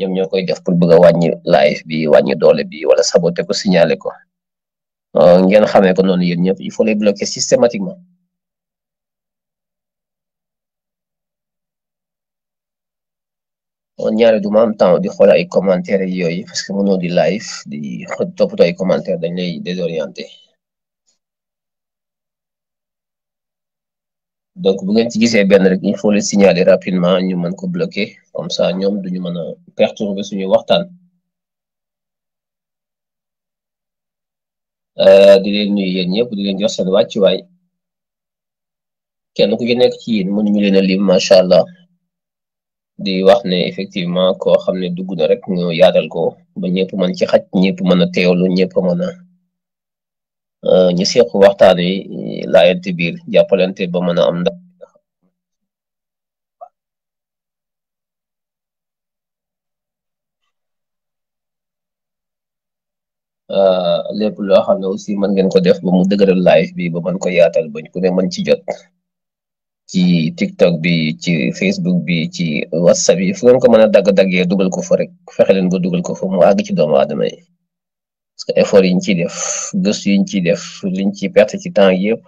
ñoom ñoo koy def pour bëgg a live bi wàññi doole bi wala saboter ko signaler ko ngeen xamee ko noonu yéen ñëpp il faut les bloquer systématiquement. on ñaare du ma temps di xool ay commentaires yooyu parce que mënoo di live di toppatoo ay commentaires dañ lay désorienté. donc bu ngeen ci gisee benn rek il faut le signaler rapidement ñu mën ko bloquer comme ça ñoom duñu mën a perturber suñu waxtaan euh, di leen nuyu yéen ñëpp di leen jox seen wàccuwaay kenn ku ci nekk ci yéen mënuñu leen a lim macha allah di wax ne effectivement koo xam ne dugg na rek ñu yaatal ko ba ñëpp mën ci xaj ñëpp mën a teewlu ñëpp mën a Euh, ñu seq waxtaan wi laayante biir jàppalante ba mën a am ndax euh, lépp loo xam ne aussi mën ngeen ko def ba mu dëgëral live bi ba mën ko yaatal bañ ku ne mën ci jot ci TikTok bi ci Facebook bi ci WhatsApp yi fu ngeen ko mën a dagg-daggee dugal ko fa rek fexe leen ba dugal ko fo mu àgg ci doomu aadama yi parce que effort yiñ ci def gëstu yiñ ci def liñ ci perte ci temps yépp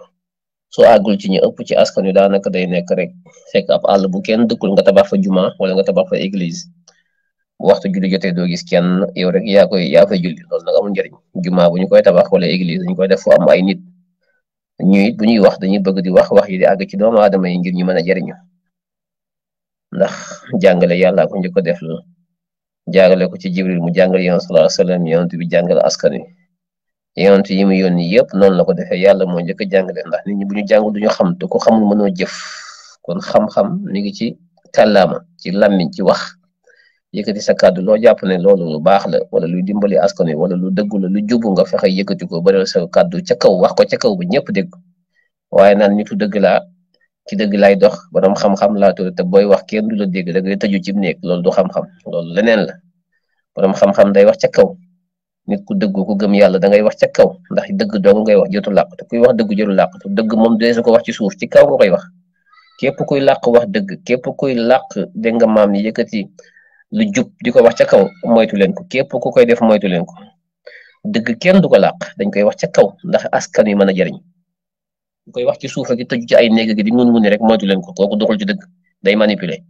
soo àggul ci ñu ëpp ci askan wi daanaka day nekk rek fekk ab àll bu kenn dëkkul nga tabax fa juma wala nga tabax fa église bu waxtu julli jotee doo gis kenn yow rek yaa koy yaa fay julli loolu nag amul njëriñ juma bu ñu koy tabax wala église dañu koy def fu am ay nit ñuy bu ñuy wax dañuy bëgg di wax wax yi di àgg ci doomu aadama yi ngir ñu mën a ndax jàngale yàlla ko njëkk ko def la jaagale ko ci jibril mu jàngal yonent sallallahu alayhi wasallam yonent bi jàngal askan wi yonent yi mu yónni yëpp noonu la ko defee yàlla moo njëkk a jàngale ndax nit ñi bu ñu jàngul duñu xam te ko xamul mënoo jëf kon xam-xam mi ngi ci kàllaama ci làmmiñ ci wax yëkkati sa kàddu loo jàpp ne loolu lu baax la wala lu dimbali askan wi wala lu dëggula lu jubu nga fexe yëkkati ko bari sa kàddu ca kaw wax ko ca kaw ba ñëpp dégg waaye naan nitu dëgg laa ci dëgg lay dox ba borom xam-xam laa tudd te booy wax kenn du la dégg da ngay tëju ci néeg loolu du xam-xam loolu leneen la borom xam-xam day wax ca kaw nit ku dëgg ku gëm yàlla da wax ca kaw ndax dëgg dong ngay wax jotu làqatu kuy wax dëgg jotu làqatu dëgg moom dee su ko wax ci suuf ci kaw nga koy wax képp kuy làq wax dëgg képp kuy làq dégg nga maam ni yëkkati lu jub di ko wax ca kaw moytu leen ko képp ku koy def moytu leen ko dëgg kenn du ko làq dañ koy wax ca kaw ndax askan wi mën a jariñ koy wax ci suuf ak tëj ci ay néeg gi di ngun nguni rek moytu leen ko kooku doxul ci dëgg day manipuler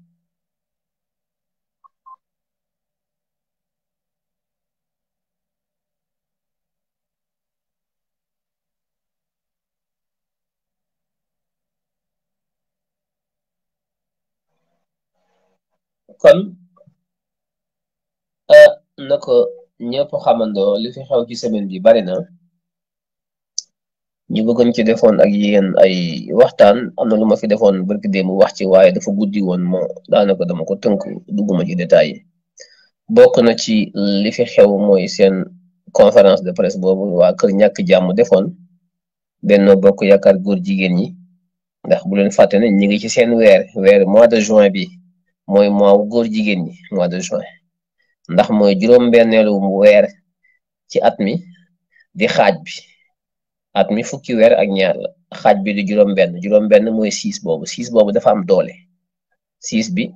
kon euh, na ko ñëpp xamandoo li fi xew ci semaine bi bari na ñu bëggoon ci defoon ak yéen ay waxtaan am na ma fi defoon barki démb wax ci waaye dafa guddi woon ma daanaka dama ko tënk dugguma ci détail bokk na ci li fi xew mooy seen conférence de presse boobu waa kër ñàkk jàmm defoon Benno Bokk Yaakaar góor jigéen ñi ndax bu leen fàtte ne ñu ngi ci seen weer weer mois de juin bi mooy mois góor jigéen ñi mois de juin ndax mooy juróom-benneelu weer ci at mi di xaaj bi. at mi fukki weer ak ñaar la xaaj bi di juróom-benn juróom-benn mooy six boobu six boobu dafa am doole six bi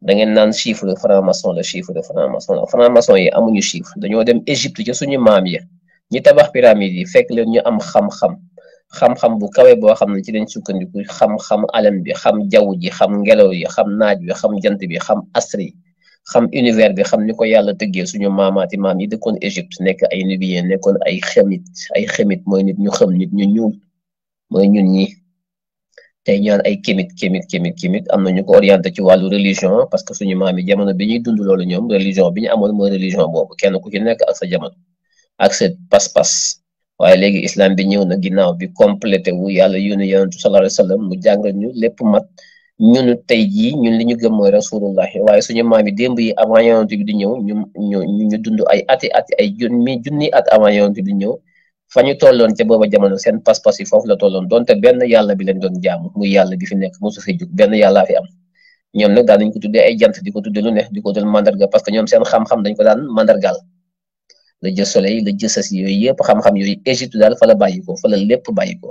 da ngeen naan chiffre de franc-maçon la chiffre de franc-maçon la franc yi amuñu chiffre dañoo dem Égypte ca suñu maam ya ñi tabax pyramide yi fekk leen ñu am xam-xam xam-xam bu kawe boo xam ne ci dañ sukkandiku xam-xam alam bi xam jaww ji xam ngelaw yi xam naaj bi xam jant bi xam astre xam univers bi xam ni ko yàlla tëggee suñu maamaati maam yi dëkkoon Égypte nekk ay nubien nekkoon ay xemit ay xemit mooy nit ñu xam nit ñu ñuul mooy ñun ñi tey ñaan ay kémit kémit kémit kémit am na ñu ko orienté ci wàllu religion parce que suñu maam yi jamono bi ñuy dund loolu ñoom religion bi ñu amoon mooy religion boobu kenn ku ci nekk ak sa jamono ak sa pas-pas waaye léegi islam bi ñëw na ginnaaw bi complété wu yàlla yónni yonentu sallallahu alayhi wasallam mu jàngal ñu lépp mat ñun tey jii ñun li ñu gëm mooy rasulullahi waaye suñu maam yi démb yi avant yonent bi di ñëw ñu ñu ñu dund ay ati ati ay junni junni at avant yonent bi di ñëw fa ñu tolloon ca booba jamono seen pas-pas yi foofu la tolloon donte benn yàlla bi leen doon jaamu mu yàlla bi fi nekk mosu fi jug benn yàllaa fi am ñoom nag daan nañ ko tuddee ay jant di ko tuddee lu ne di ko doon mandarga parce que ñoom seen xam-xam dañ ko daan mandargaal la jë soleil la jë sas yooyu yëpp xam yooyu Égypte daal fa la bàyyi ko fa la lépp bàyyi ko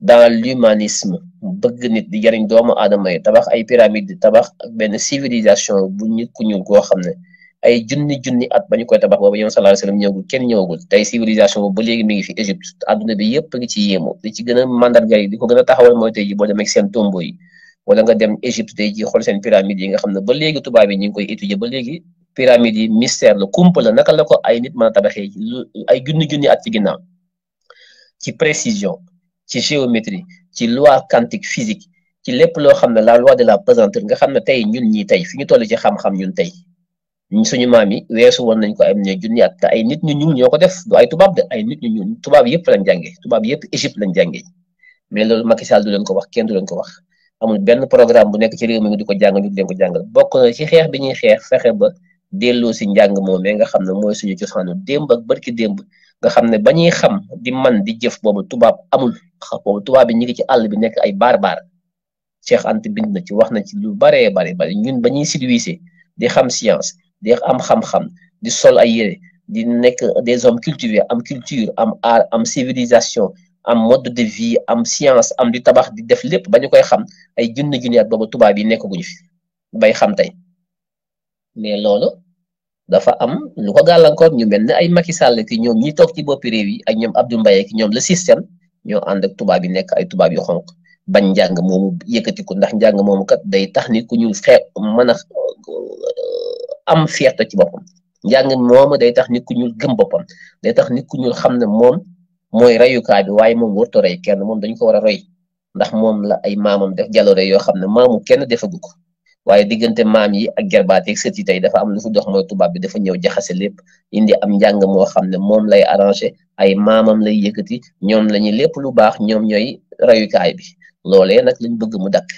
dans l'humanisme bëgg nit di jariñ doomu aadama yi tabax ay pyramide di tabax ak benn civilisation bu nit ku ñuul koo xam ne ay junni junni at ba ñu koy tabax boobu yow sallallahu alayhi wasallam kenn ñëwagul tey civilisation ba léegi mi ngi fi Égypte adduna bi yëpp ngi ci yéemu li ci gën a mandarga yi di ko gën a taxawal mooy tey ji boo demee seen tombo yi wala nga dem Égypte tey seen pyramide yi nga xam ne ba léegi tubaab yi ñu ngi koy étudier ba léegi pyramide yi mystère la kumpa naka la ko ay nit mën a tabaxee ay junni junni at ci ginnaaw ci précision ci géométrie ci loi quantique physique ci lépp loo xam ne la loi de la pesanteur nga xam ne tey ñun ñi tey fi ñu toll ci xam-xam ñun tey suñu maam yi weesu woon nañ ko am ne junni at ay nit ñu ñuul ñoo ko def du ay tubaab de ay nit ñu ñuul tubaab yëpp lañ jàngee tubaab yëpp Égypte lañ jàngee mais loolu Macky Sall du leen ko wax kenn du leen ko wax amul benn programme bu nekk ci réew mi di ko jàng ñu leen ko jàngal bokk na ci xeex bi ñuy xeex fexe ba delloo si njàng moom nga xam ne mooy suñu cosaanu démb ak barki démb nga xam ne ba ñuy xam di man di jëf boobu tubaab amul boobu tubaab bi ñu ngi ci àll bi nekk ay barbar Cheikh Anta bind na ci wax na ci lu baree bare bare ñun ba ñuy civilisé di xam science di am xam-xam di sol ay yére di nekk des hommes cultivés am culture am art am civilisation am mode de vie am science am di tabax di def lépp ba ñu koy xam ay junni junni at boobu tubaab yi nekkaguñu fi bay xam tey mais loolu. dafa am lu ko gàllankoor ñu mel ne ay Macky Sall ki ñoom ñi toog ci boppi réew yi ak ñoom Abdou Mbaye ñoom la système ñoo ànd ak tubaab yi nekk ay tubaab yu xonq bañ njàng moomu yëkkati ndax njàng moomu kat day tax ni ku ñu xeeb mën a euh, am fierté ci boppam njàng moomu day tax ni ku ñu gëm boppam day tax ni ku ñuul xam ne moom mooy reyukaay bi waaye moom warut a rey kenn moom dañu ko war a rey ndax moom la ay maamam def jaloore yoo xam ne maamu kenn defagu ko. waaye diggante maam yi ak gerbaat yeeg sët yi tey dafa am lu fu dox mooy tubaab bi dafa ñëw jaxase lépp indi am njàng moo xam ne moom lay arrangé ay maamam lay yëkkati ñoom lañuy lépp lu baax ñoom ñooy rayukaay bi loole nag lañ bëgg mu dakk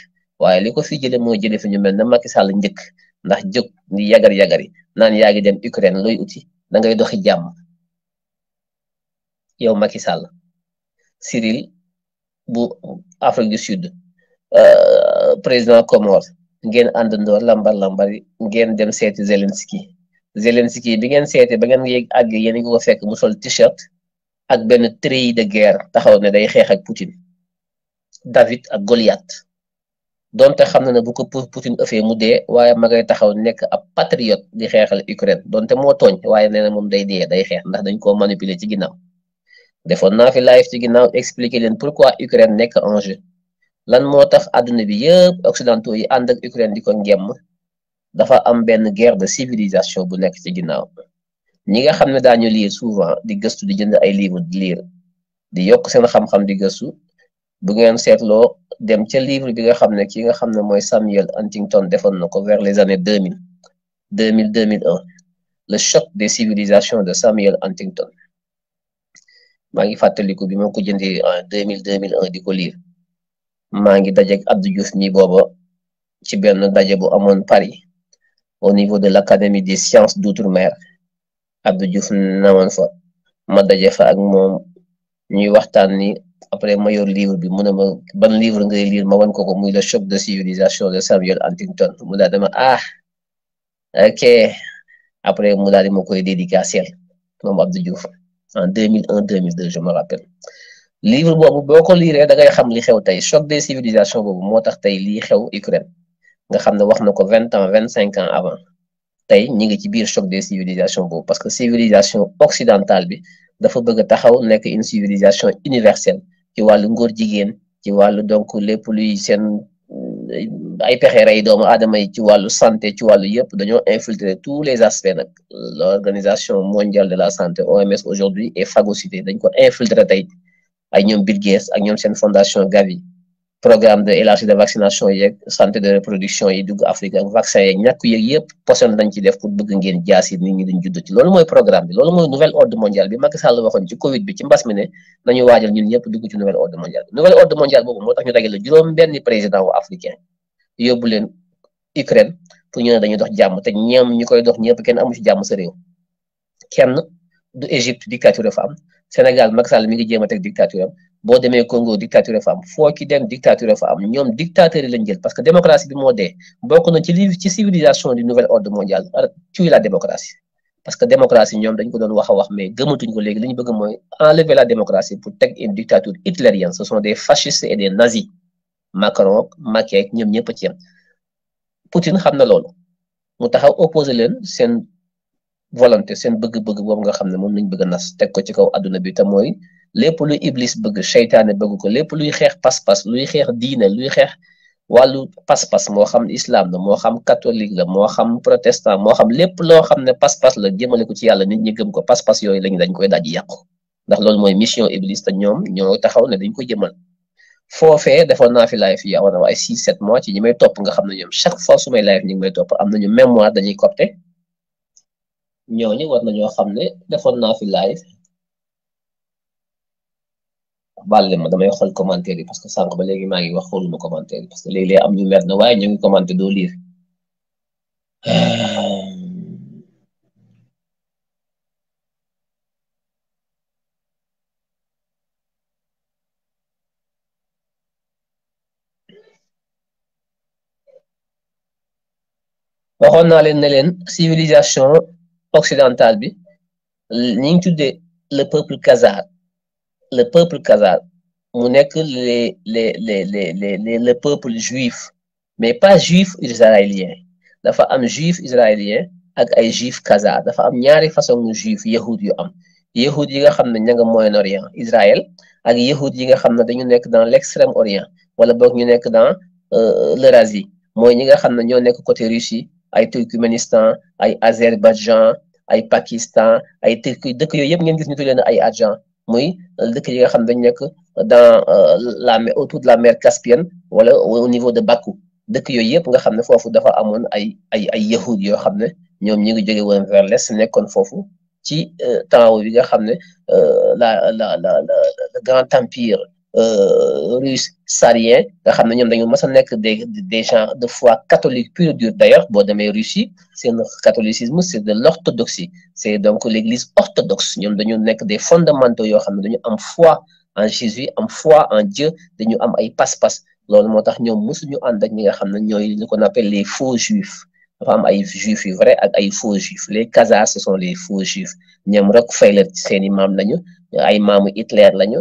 waaye li ko fi jële moo jële fi ñu mel na Sall njëkk ndax jóg ni yagar yagari naan yaa ngi dem Ukraine looy uti da ngay doxi jàmm yow Macky Sall Cyril bu Afrique du Sud euh, président Comores ngeen àndandoo lambal lambari ngeen dem seeti Zelensky Zelensky bi ngeen seeti ba ngeen yéeg àgg yéen ngi ko fekk mu sol t-shirt ak benn treillis de guerre taxaw ne day xeex ak Poutine David ak Goliath donte xam na ne bu ko Poutine ëffee mu dee waaye ma ngay taxaw nekk ab patriote di xeexal Ukraine donte moo tooñ waaye nee na moom day dee day xeex ndax dañ koo manipuler ci ginnaaw defoon naa fi live ci ginnaaw expliquer leen pourquoi Ukraine nekk en jeu lan moo tax àdduna bi yëpp occidentaux yi ànd ak Ukraine di ko ngemm dafa am benn guerre de civilisation bu nekk ci ginnaaw ñi nga xam ne daañu lire souvent di gëstu di jënd ay livre di lire di yokk seen xam-xam di gëstu bu ngeen seetloo dem ca livre bi nga xam ne ki nga xam ne mooy Samuel Huntington defoon na ko vers les années deux mille deux mille deux mille un le choc de civilisations de Samuel Huntington maa ngi fàttaliku bi ma ko jëndee en deux mille deux mille un di ko lire. mangi ngi Abdou Diouf ni bobo ci benn dajé bu amone Paris au niveau de l'académie des sciences d'outre-mer Abdou Diouf nawoon fa ma dajé fa ak mom ñuy waxtaan ni après ma yor livre bi mu ban livre ngay lire ma wan ko ko le choc de civilisation de Samuel Huntington mu da dama ah ok après mu daal di ma koy dédicacer moom Abdou Diouf en 2001 2002 je me rappelle livre boobu boo ko liiree da ngay xam li xew tey choc des civilisations boobu moo tax tey lii xew Ukraine nga xam ne wax na ko vingt ans vingt cinq ans avant tey ñi ngi ci biir choc des civilisations boobu parce que civilisation occidentale bi dafa bëgg taxaw nekk une civilisation universelle ci wàllu ngóor jigéen ci wàllu donc lépp luy seen euh, ay pexe rey doomu aadama yi ci wàllu santé ci wàllu yëpp dañoo infiltre tous les aspects nag l'organisation mondiale de la santé OMS aujourd'hui est phagocytée dañ ko infiltrer tey ay ñoom Bill Gates ak ñoom seen fondation Gavi programme de élargi de vaccination yeeg santé de reproduction yi dugg Afrique ak ñàkk yeeg yëpp poson dañ ci def pour bëgg ngeen jaasi nit ñi duñ judd ci loolu mooy programme bi loolu mooy nouvel ordre mondial bi Macky Sall waxoon ci Covid bi ci mbas mi ne nañu waajal ñun ñëpp dugg ci nouvel ordre mondial bi nouvel ordre mondial boobu moo tax ñu dagale juróom benn président wu africain yóbbu leen jàmm te ñoom ñu koy dox ñëpp kenn amu ci jàmm sa réew kenn du Égypte dictature dafa am Sénégal Macky Sall mi ngi jéem a teg dictature am boo demee Congo dictature fa am foo ci dictature fa am ñoom dictateur yi parce que démocratie bi moo bokk na ci civilisation du nouvel ordre mondial tuer la démocratie parce que démocratie ñoom dañ ko doon wax wax mais gëmatuñ ko enlever la démocratie pour teg une dictature hitlérienne ce sont des fascistes et des nazis Macron Macky ñoom ñëpp ci Putin Poutine xam na loolu mu opposé leen volonté seen bëgg-bëgg boobu nga xam ne moom lañ bëgg a nas teg ko ci kaw adduna bi te mooy lépp luy iblis bëgg seytaane bëgg ko lépp luy xeex pas-pas luy xeex diine luy xeex wàllu pas-pas moo xam islam la moo xam catholique la moo xam protestant moo xam lépp loo xam ne pas-pas la jëmale ko ci yàlla nit ñi gëm ko pas-pas yooyu lañ dañ koy daj yàqu ndax loolu mooy mission iblis te ñoom ñoo taxaw ne dañ ko jëmal foofee defoon naa fi live yi mois ci ñi ñooñu war nañoo xam ne defoon naa fi live bàlle ma damay xool commentaire yi parce que sànq ba léegi maa ngi wax xooluma commentaire yi parce que léeg-léeg am ñu mer na waaye ñu ngi commenté doo liir naa leen ne leen civilisation occidental bi ñi ngi le peuple khazar le peuple khazar mu nekk les les les les les le peuple juif mais pas juif israélien dafa am juif israélien ak ay juif khazar dafa am ñaari façon juif yahoud yu am yahoud yi nga xamné ne ña nga moyen orient Israël ak yahoud yi nga xamné dañu nekk dans lextrême orient wala bok ñu nekk dans euh, l'Eurasie moy ñi nga xamné ne ñoo nekk côté Russie ay Turkmenistan, ay azerbaïdjan ay pakistan ay turki dëkk yooyu ngeen gis ñu tudd ay muy dëkk yi nga dañ dans euh, la autour de la mer Caspienne wala au niveau de Bakou dëkk yooyu nga ne dafa amoon ay ay ay yahud yoo xam ne ñi ngi jóge woon vers l'est nekkoon ci euh, nga euh, la la grand empire euh, russe sarien nga xamne ñom dañu mas nek des des gens de foi catholique pure et dure d'ailleurs boo demee Russie le catholicisme c'est de l'orthodoxie c'est donc l'église orthodoxe ñom dañu nek des fondamentaux yo xamne dañu am foi en Jésus am foi en Dieu dañu am ay pas-pas loolu motax ñom ñoom mosuñu ànd ak nga xamne ñoy li qu'on appelle les faux juifs dafa am ay juifs yu vrai ak ay faux juifs les Khazars ce sont les faux juifs ñoom rek fay ci seen maam lañu ay maamu Hitler lañu.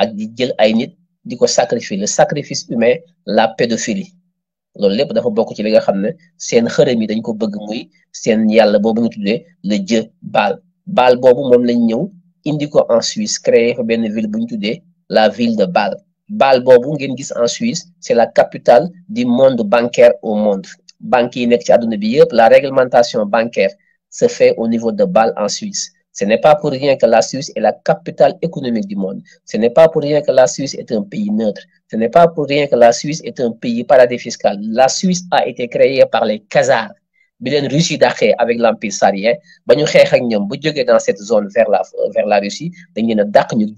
ak ay le sacrifice humain la pédophilie loolu dafa bokk ci li nga le dieu Baal Baal en Suisse créé la ville de Baal. Baal en Suisse c'est la capitale du monde bancaire au monde la réglementation bancaire se fait au niveau de Baal en Suisse ce n'est pas pour rien que la Suisse est la capitale économique du monde. Ce n'est pas pour rien que la Suisse est un pays neutre. Ce n'est pas pour rien que la Suisse est un pays paradis fiscal. La Suisse a été créée par les Khazars. bi une Russie d'après avec l'empire Sarien. ba ñu ak dans cette zone vers la vers la Russie dañ leen a ñu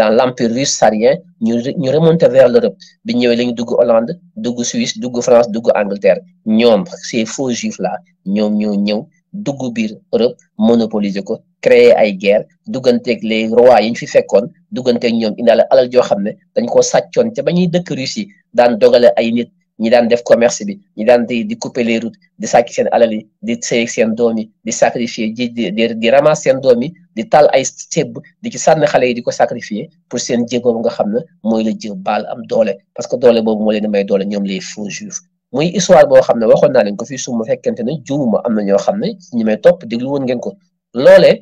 dans l'empire russe saharien, ñu ñu remonter vers l'Europe bi ñëwee dans dugg Hollande dugg Suisse dugg France dugg Angleterre ñoom ces faux juifs là ñoom ñoo ñëw dugg biir Europe monopoliser ko créer ay guerre dugganteeg les rois yi ñu fi fekkoon dugganteeg ñoom indaale alal joo xam ne dañ ko sàccoon ca ba ñuy dëkk Russie daan dogale ay nit ñi daan def commerce bi ñi daan di di couper les di sàcc seen alal yi di seeg seen doom yi di sacrifier di di di ramas seen doom yi di taal ay sëb di ci sànni xale yi di ko sacrifier pour seen jéego nga xam ne mooy la jéeg baal am doole parce que doole boobu moo leen may doole ñoom les faux juifs muy histoire boo xam ne waxoon naa leen ko fi su ma fekkente ne juuma am na ñoo xam ne ñi may topp déglu woon ngeen ko loolee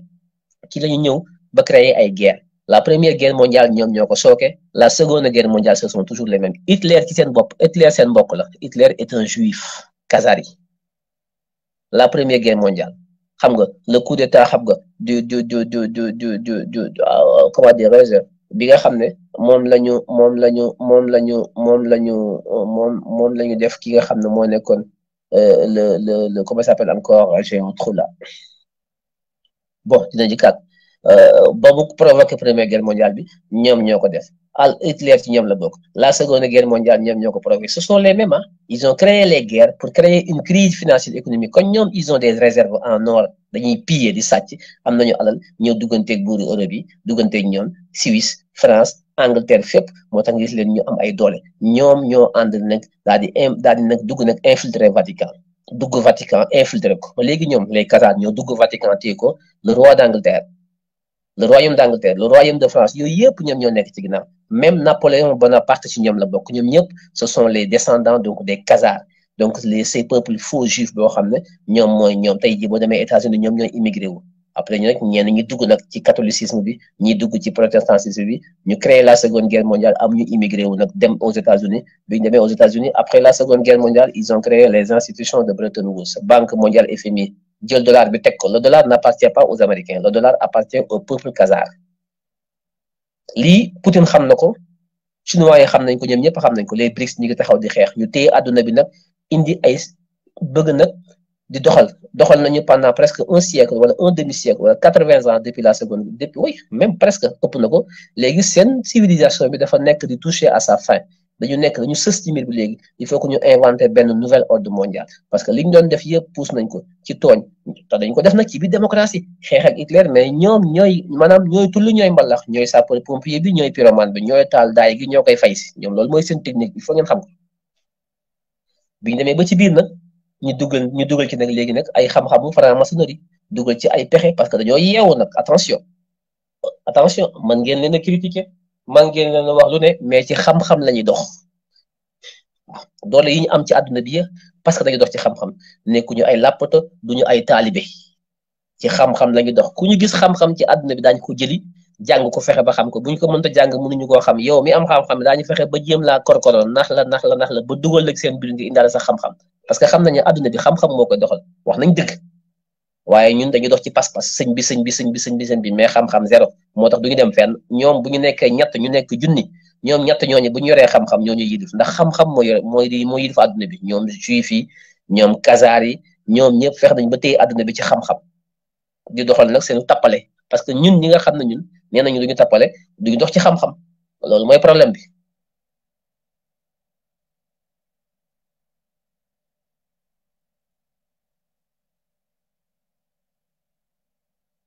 ci la ñëw ba créer ay guerre la première guerre mondiale ñoom ñoo ko sooke la seconde guerre mondiale ce sont toujours les mêmes Hitler ci seen bopp Hitler seen mbokk la Hitler est un juif kazari la première guerre mondiale xam nga le coup d'état xam nga du du du du du du du comment dire bi nga xam mom lañu mom lañu mom lañu mom lañu mom mom lañu def ki nga xam ne moo euh, le le le comment ça s'appelle encore j'ai un trou là bon dina jikkaat euh, ba beaucoup provoquer première guerre mondiale bi ñoom ñoko def al Hitler ci ñoom la bok la seconde guerre mondiale ñoom ñoko provoquer provoqué ce sont les mêmes hein? ils ont créé les guerres pour créer une crise financière économique kon ñom ils ont des réserves en or dañuy piller di sàcc am nañu alal ñoo dugganteeg buuru Europe yi dugganteeg ñom Suisse France Angleterre fépp moo tax nga gis leen ñu am ay doole ñoom ñoo ànd nag daal di daal di nag dugg nag infiltré Vatican dugg Vatican infiltré ko Mais, légui, ñoom les Khazars ñoo dugg Vatican téye ko le roi d'Angleterre le royaume d'Angleterre le royaume de France yooyu yëpp ñoom ñoo nek, ci même Napoléon Bonaparte ci ñoom la bokk ñoom ñëpp ce sont les descendants donc des Khazars donc les ces peuples faux juifs bo, xam ne ñoom mooy ñoom tey jii boo États-Unis ñoom ñooy immigré après ñu nag ñenn ñu dugg nak ci catholicisme bi ñi dugg ci protestantisme bi ñu créé la seconde guerre mondiale am ñu immigré wu nag dem aux États-Unis bi ñu aux États-Unis après la seconde guerre mondiale ils ont créé les institutions de Bretton Woods banque mondiale FMI jël dollar bi tek ko le dollar n'appartient pas aux Américains le dollar appartient au peuple kazakh li Poutine xam na ko chinois yi xam nañ ko ñoom xam nañ ko les BRICS ñi ngi taxaw di xex ñu téy aduna bi nak indi ay bëgg nak di doxal doxal nañu pendant presque un siècle wala un demi siècle wala quatre vingt ans depuis la seconde depuis oui même presque ëpp na ko léegi seen civilisation bi dafa nekk di toucher à sa fin dañu nekk dañu sës ci mbir bi léegi il faut que ñu inventer benn nouvel ordre mondial parce que li ñu doon def yëpp puus nañ ko ci tooñ te ko def na ci biir démocratie xeex ak Hitler mais ñoom ñooy maanaam ñooy tullu ñooy mbalax ñooy sapeur pompier bi ñooy pyromane bi ñooy taal daay gi ñoo koy fay ñoom loolu mooy seen technique il faut ngeen xam ko bi ñu demee ba ci biir nag. ñu dugal ñu dugal ci nag léegi nag ay xam-xamu franc-maçonnerie dugal ci ay pexe parce que dañoo yeewu nag attention attention man ngeen leen a critiquer man ngeen leen a wax lu ne mais ci xam-xam la ñuy dox doole yi ñu am ci àdduna bi parce que dañuy dox ci xam-xam nekkuñu ay du ñu ay taalibe ci xam-xam la ñuy dox ku ñu gis xam-xam ci àdduna bi daañu ko jëli jàng ko fexe ba xam ko bu ñu ko mënta jàng mënuñu koo xam yow mi am xam-xam daañu fexe ba jéem laa korkoroon nax la nax la nax la ba dugal ak seen biir ngir indaale sa xam parce que xam nañu àdduna bi xam-xam moo ko doxal wax nañ dëgg waaye ñun dañu dox ci pas-pas sëñ bi sëñ bi sëñ bi sëñ bi sëñ bi mais xam-xam zéro moo tax du ñu dem fenn ñoom bu ñu nekkee ñett ñu nekk junni ñoom ñett ñooñu bu ñu yoree xam-xam ñooñu yilif ndax xam-xam moo yore mooy di moo yilif bi ñoom juif yi ñoom kazaar yi ñoom ñëpp fex nañ ba téye àdduna bi ci xam-xam di doxal nag seen tappale parce que ñun ñi nga xam ne ñun nee nañu duñu tappale duñu dox ci xam-xam loolu mooy problème bi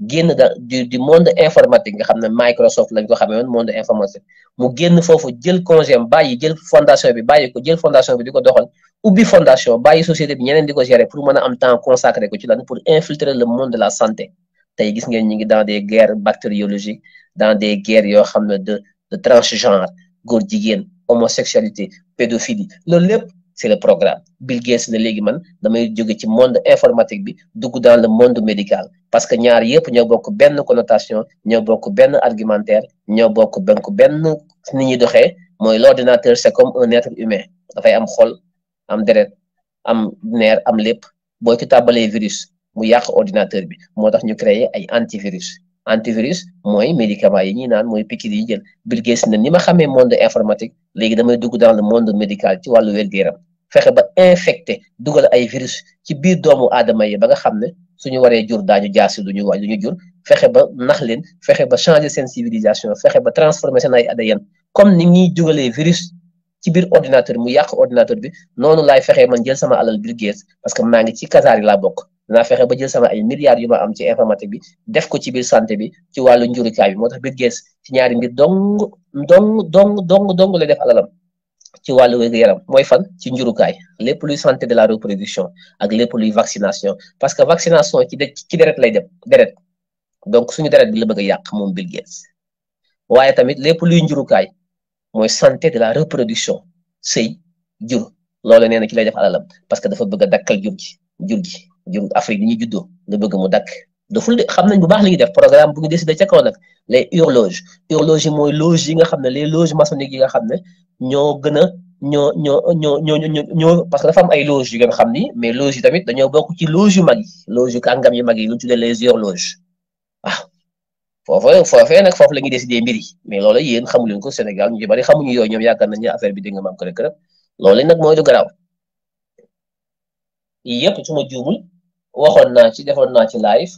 génn da du du monde informatique nga xam ne Microsoft lañ ko xamee woon monde informatique mu génn foofu jël congé am bàyyi jël fondation bi bàyyi ko jël fondation bi di ko doxal ubbi fondation bàyyi société bi ñeneen di ko gérer pour mën a am temps consacré ko ci lan pour infiltrer le monde de la santé tey gis ngeen ñu ngi dans des guerres bactériologiques dans des guerres yoo xam ne de de transgenre góor jigéen homosexualité pédophilie loolu lépp. c'est le programme Bill Gates ne léegi man damay jóge ci monde informatique bi dugg dans le monde médical parce que ñaar yëpp ñoo bokk benn connotation ñoo bokk benn argumentaire ñoo bokk benk benn ni ñuy doxee mooy l'ordinateur c'est comme un être humain dafay am xol am deret am nerf am lépp boo ci tàbbalee virus mu yàq ordinateur bi moo tax ñu créer ay antivirus antivirus mooy médicament yi ñuy naan mooy piqûre yi jël Bill Gates na ni ma xamee monde informatique léegi damay dugg dans le monde médical ci wàllu wér-gu-yaram fexe ba infecté dugal ay virus ci biir doomu aadama yi ba nga xam ne suñu waree jur daañu jaasi duñu wa duñu jur fexe ba nax leen fexe ba changer seen civilisation fexe ba transformer seen ay ADN comme ni ñuy dugalee virus ci biir ordinateur mu yàq ordinateur bi noonu laay fexe man jël sama alal Bill parce que maa ngi ci Kazari laa bokk naa fexe ba jël sama ay milliards yu ma am ci informatique bi def ko ci biir santé bi ci wàllu njurukaay bi moo tax Bill Gates ci ñaari mbir dong dong dong dong dong lay def alalam ci wàllu wér yaram mooy fan ci njurukaay lépp luy santé de la reproduction ak lépp luy vaccination parce que vaccination ci ci deret lay def deret donc suñu deret bi la bëgg yàq moom Bill Gates waaye tamit lépp luy njurukaay mooy santé de la reproduction sëy jur loolu nee ci lay def alalam parce que dafa bëgg a dakkal jur gi jur ji jum Afrique yi ñuy juddoo nga bëgg mu dakk doful de xam nañ bu baax li ñuy def programme bu ñu décidé ca kaw nag les urloges urloges mooy loge yi nga xam ne les loges maçonniques yi nga xam ne ñoo gën a ñoo ñoo ñoo ñoo ñoo parce que dafa ay loges yu ngeen xam ni mais loges yi tamit dañoo bokk ci loge yu mag yi loge yu kàngam yu mag yi lu ñu tuddee les urloges waaw foofu foofee nag foofu la ñuy décidé mbir yi mais loolu yéen xamu ko Sénégal bari xamuñu yooyu ñoom yaakaar nañ ne affaire bi dégg nga maam kërë kërë loolu nag mooy du garaaw yëpp su ma juumul waxoon naa ci defoon naa ci live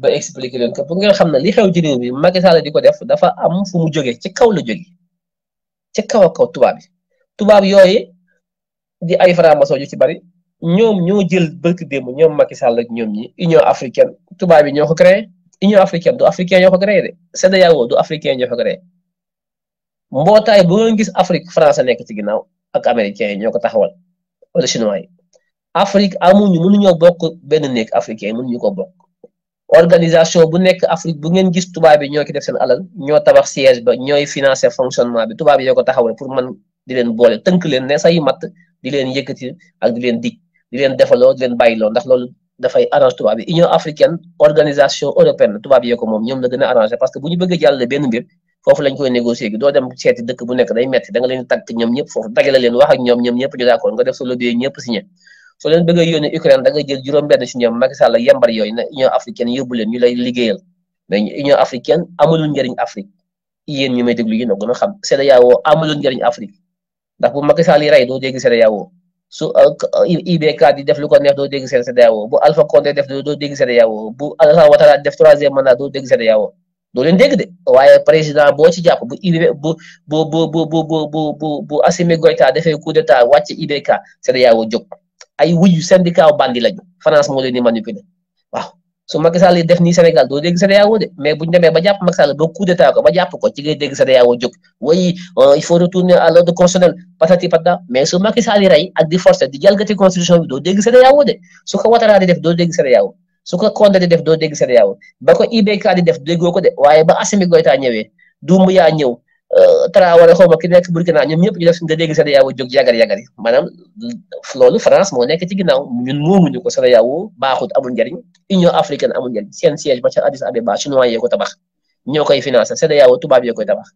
ba expliquer leen que pour ngeen xam ne li xew ci réew mi Macky Sall di ko def dafa am fu mu jógee ci kaw la jógee ci kaw a kaw tubaab yi tubaab yooyu di ay franc-maçon yu ci bari ñoom ñoo jël bëkk démb ñoom Macky Sall ak ñoom ñi Union africaine tubaab yi ñoo ko créé Union africaine du africain ñoo ko créé du africain ñoo ko créé mbootaay bu ngeen gis Afrique français nekk ci ginnaaw ak américain yi ñoo ko taxawal wala chinois yi. Afrique amuñu mënuñoo bokk benn nekk africain mënuñu ko bokk organisation bu nekk Afrique bu ngeen gis tubaab yi ñoo ci def seen alal ñoo tabax siège ba ñooy financer fonctionnement bi tubaab yi pour di leen boole tënk leen ne leen yëkkati ak di leen moom ñoom la gën a arrangé parce bu ñu bëgg a jàllale benn mbir foofu lañ koy négocier gi doo dem seeti dëkk bu nekk day metti da nga leen tàkk ñoom ñëpp foofu dagale leen wax ñoom ñëpp ñu d'accord nga def sa lobby ñëpp signé soo leen bëgg a yónnee Ukraine da nga jël juróom-benn si ñoom Macky Sall yembar yooyu na Union africaine yóbbu leen ñu lay liggéeyal mais Union africaine amalul njëriñ Afrique yéen ñu may déglu yéen a gën a xam CEDEAO amalul njëriñ Afrique ndax bu Macky Sall yi rey doo dégg CEDEAO su IBK euh, euh, di def lu ko neex doo dégg CEDEAO bu Alpha Condé def doo dégg CEDEAO bu Alassane Ouattara def troisième mandat doo dégg CEDEAO doo leen dégg de waaye président boo ci jàpp bu IB bu bu bu bu bu bu bu bu Assimi Goïta defee coup d'état wàcc IBK CEDEAO jóg. ay wuyu syndicat bandi lañu France moo leen di manipuler waaw su Macky Sall def nii Sénégal doo dégg CEDEAO de mais bu ñu demee ba jàpp Macky Sall ba coup d'état ko ba jàpp ko ci ngay dégg CEDEAO jóg way euh, il faut retourner à l'ordre constitutionnel patati patata mais su Macky Sall rey ak di forcer di jalgati constitution bi doo dégg CEDEAO de su ko Ouattara di def doo dégg CEDEAO su ka Condé di def doo dégg CEDEAO ba ko IBK di def déggoo ko de waaye ba Assimi Goïta ñëwee Doumbouya Eh, Traoré xaw ma ki nekk naa ñoom ñëpp ñu def nga dégg CEDEAO jóg yagar yagar yi maanaam loolu France moo nekk ci ginnaaw ñun moomuñu ko CEDEAO baaxut amul njariñ Union africaine amul njariñ seen siège ba ca Addis Abeba chinois yee ko tabax ñoo koy financé CEDEAO tubaab yee koy tabax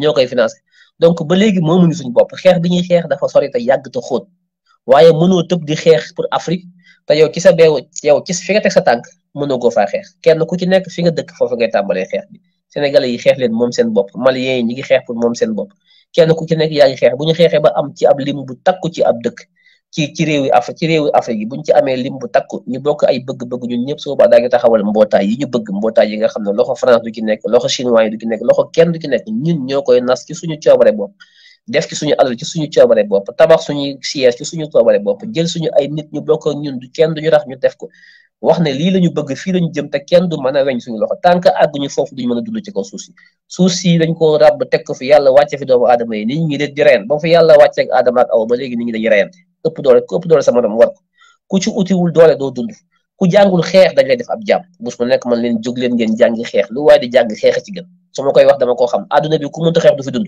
ñoo koy financé donc ba léegi moomuñu suñu bopp xeex bi ñuy xeex dafa sori te yàgg te waaye mënoo tëb di xeex pour Afrique te yow ci sa beew yow ci fi nga teg sa tànk mënoo koo faa xeex kenn ku ci nekk fi nga dëkk foofu ngay tàmbalee xeex bi sénégalais yi xeex leen moom seen bopp maliens yi ñi ngi xeex pour moom seen bopp kenn ku ci nekk yaa ngi xeex bu ñu xeexee ba am ci ab lim bu takku ci ab dëkk ci ci yi Afrique ci réewi Afrique yi buñ ci amee lim bu takku ñu bokk ay bëgg-bëgg ñun ñëpp soo ba daa ngi taxawal mbootaay yi ñu bëgg mbootaay yi nga xam ne loxo France du ci nekk loxo chinois yi du ci nekk loxo kenn du ci nekk ñun ñoo koy nas ci suñu coobare bopp def ci suñu alal ci suñu coobare bopp tabax suñu siège ci suñu coobare bopp jël suñu ay nit ñu bokk ak ñun du kenn rax ñu def ko wax ne lii la ñu bëgg fii la ñu jëm te kenn du mën a weñ suñu loxo tant que àgguñu foofu duñu mën a dund ci ko suuf si suuf dañ ko ràbb teg ko fi yàlla wàcce fi doomu aadama yi ni ñi leen di reen ba fi yàlla wàcce ak aadama ak aw ba léegi nit ñi dañuy reyante ëpp doole ku ëpp doole war ko ku ci utiwul doole doo dund ku jàngul xeex dañ lay def ab jàmm bés bu nekk man leen jóg leen ngeen jàngi xeex lu waaye di jàngi xeex ci gën su ma koy wax dama ko xam àdduna bi ku mënta xeex du fi dund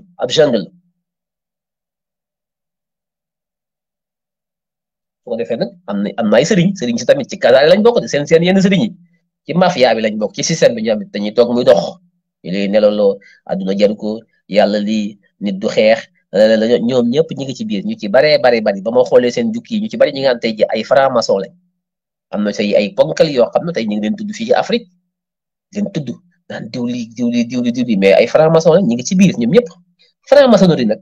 su defee nag am na am ay sëriñ sëriñ si tamit ci kasaare lañ bokk seen seen yenn sëriñ yi ci mafia bi lañ bokk ci système bi dañuy toog muy dox ñu lay neloloo ko yàlla lii nit du xeex ñoom ñëpp ñu ngi ci biir ñu ci baree bari bari ba ma xoolee seen jukki yi ñu ci bari ñu ngi am tey ji ay franc-maçon am na sey ay ponkal yoo xam ne tey ñu ngi leen tudd fii ci Afrique leen tudd naan diwli diwli diwli diwli mais ay franc-maçon lañ ñu ngi ci biir ñoom ñëpp franc-maçonnerie nag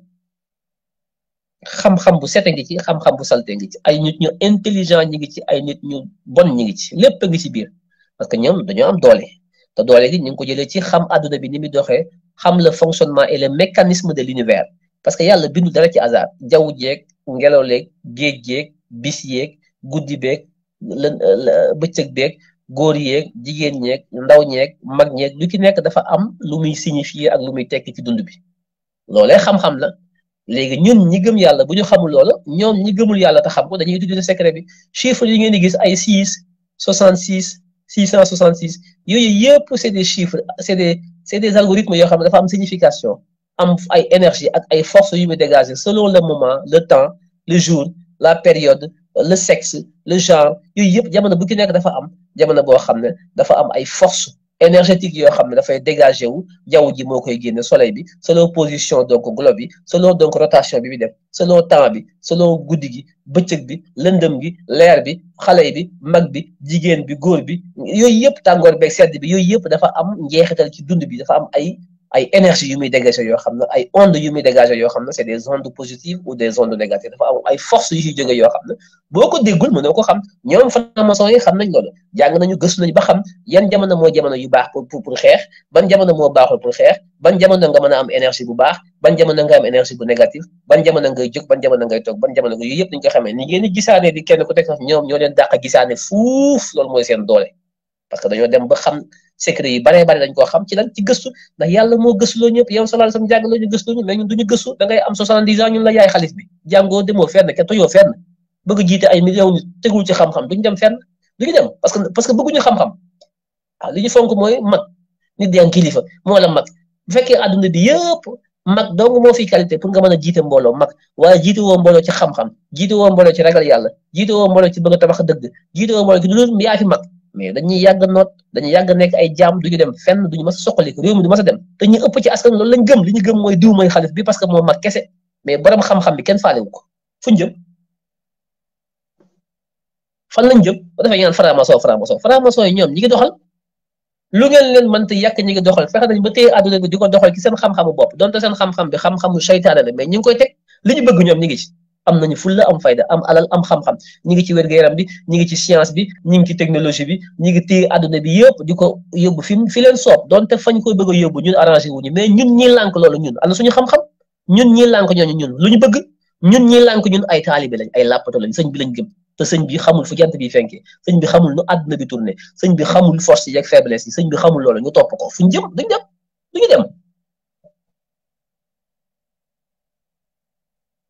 xam-xam bu set a ngi ci xam-xam bu salte ngi ci ay nit ñu intelligent ñi ngi ci ay nit ñu bon ñi ngi ci lépp a ngi ci biir parce que ñoom dañoo am doole te doole gi ñu ngi ko jëlee ci xam àdduna bi ni muy doxee xam le fonctionnement et le mécanisme de l'univers parce que yàlla bindu dara ci hasard jaww jeeg ngelaw leeg géej jeeg bis yeeg guddi beeg lën bëccëg beeg góor yeeg jigéen ñeeg ndaw ñeeg mag ñeeg lu ki nekk dafa am lu muy signifier ak lu muy tekki ci dund bi loolee xam-xam la léegi ñun ñi gëm yalla bu ñu xamul loolu ñoom ñi gëmul yalla ta xam ko dañuy tuddu ci secret bi chiffre yi ngeen di gis ay 6 66 666 six cent soixante c' est des chiffres c' est des c' est des algorithmes yoo xam ne dafa am signification am ay énergie ak ay forces yu muy dégager selon le moment le temps le jour la période le sexe le genre yooyu yëpp jamono bu ki nekk dafa am jamono boo xam ne dafa am ay forces énergétique yo xamné da fay dégagé wu jaww ji moo koy génne soleil bi selon position donc globe bi selon donc rotation bi bi dem selon temps bi selon goudi gi bëccëg bi lëndëm gi lèr bi xalé bi mag bi jigen bi góor bi yooyu yëpp tàngoor beeg sedd bi yoy yépp dafa am njeexital ci dund bi dafa am ay ay énergie yu muy dégager yoo xam ne ay ondes yu muy yoo xam ne c'est des ondes positives ou des ondes négatives dafa am ay forces yu ciy jóge yoo xam ne boo ko déggul mënoo ko xam ñoom franc-maçon xam nañ loolu jàng nañu yan jamono moo jamono moo baaxul pour xeex ban jamono nga mën a am énergie bu baax ban jamono nga am énergie bu négative ban gisaane fuuf loolu mooy seen doole parce que dañoo dem ba xam secret yi baree bari dañ koo xam ci lan ci gëstu ndax yàlla moo gëstuloo ñëpp yow sallallahu alayhi wasallam jàng la ñu gëstuloo ñu mais ñun duñu gëstu da ngay am 70 ans ñun yaay xaalis bi jàngoo demoo fenn kenn tojoo fenn bëgg jiite ay million nit tegul ci xam-xam duñu dem fenn duñu dem parce que parce que bëgguñu xam-xam waaw li ñu fonk mooy mag nit di kilifa moo la mag bu fekkee àdduna bi yëpp mag dong moo fi qualité pour nga a jiite mbooloo mag waaye jiite woo mbooloo ci xam-xam jiite woo mbooloo ci ragal yàlla jiite woo mbooloo ci bëgg a tabax dëgg jiite woo mbooloo ci lu dul yaa fi mag mais dañuy yàgg noot dañuy yàgg nekk ay jaam duñu dem fenn duñu mas soqali réew mi du mas a dem te ëpp ci askan loolu lañ gëm li ñu gëm mooy diw mooy xalif bi parce que moo mag kese mais borom xam-xam bi kenn faalewu ko fuñ jëm fan lañ jëm ba defee ñaan franc-maçon franc-maçon franc ñoom ñi doxal lu ngeen leen mënta yàq ñi ngi doxal fexe nañ ba téye a bi di ko doxal ci seen xam-xamu bopp donte seen xam-xam bi xam-xamu seytaane mais ñi ngi koy teg li ñu bëgg ñoom ñi ngi ci am nañu fulla am fayda am alal am xam-xam ñi ngi ci wér-gu-yaram bi ñi ngi ci science bi ñi ngi ci technologie bi ñi ngi téye àdduna bi yëpp di ko yóbbu fi fi leen soob donte fañ koy bëgg a yóbbu ñun arrangé wuñu mais ñun ñi lànk loolu ñun ana suñu xam-xam ñun ñi lànk ñooñu ñun lu ñu bëgg ñun ñi lànk ñun ay taalibe lañ ay làppato lañ sëñ bi lañ gëm sëñ bi xamul fu jant bi fenkee sëñ bi xamul nu àdduna bi tourné sëñ bi xamul force yi ak faiblesse sëñ bi xamul loolu ñu topp ko fu ñu jëm duñ dem duñu dem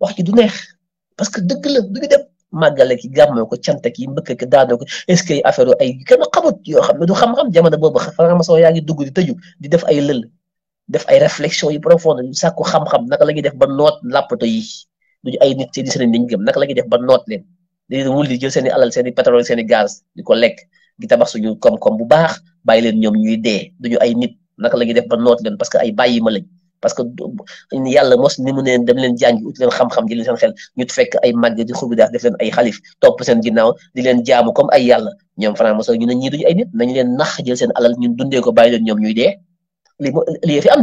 wax ji du neex parce que dëgg la du ñu dem màggale ki gàmmoo ko cant ki mbëkk ki daanoo ko est-ce que affaire ay kenn xamut yoo xam ne du xam-xam jamono boobu franc-maçon yaa ngi dugg di tëju di def ay lël def ay réflexion yu profonde yu sàkku xam-xam naka la ñuy def ba noot làppato yi duñu ay nit seen i sëriñ dañu gëm la ñuy def ba noot leen dañuy wul di jël seen i alal seen i pétrole seen i di ko lekk di tabax suñu koom-koom bu baax bàyyi leen ñoom ñuy dee ñu ay nit naka la ñuy def ba noot leen parce que ay bàyyi ma lañ parce que yàlla mos ni mu neen dem leen jàngi xam-xam ji leen seen xel fekk ay màgg di xubidaas def leen ay xalif topp seen ginnaaw di leen comme ay yàlla ñoom franc-maçon ñu ne ñii duñu ay nit nañu leen nax jël seen alal ñun dundee ko bàyyi leen ñoom ñuy dee li li fi am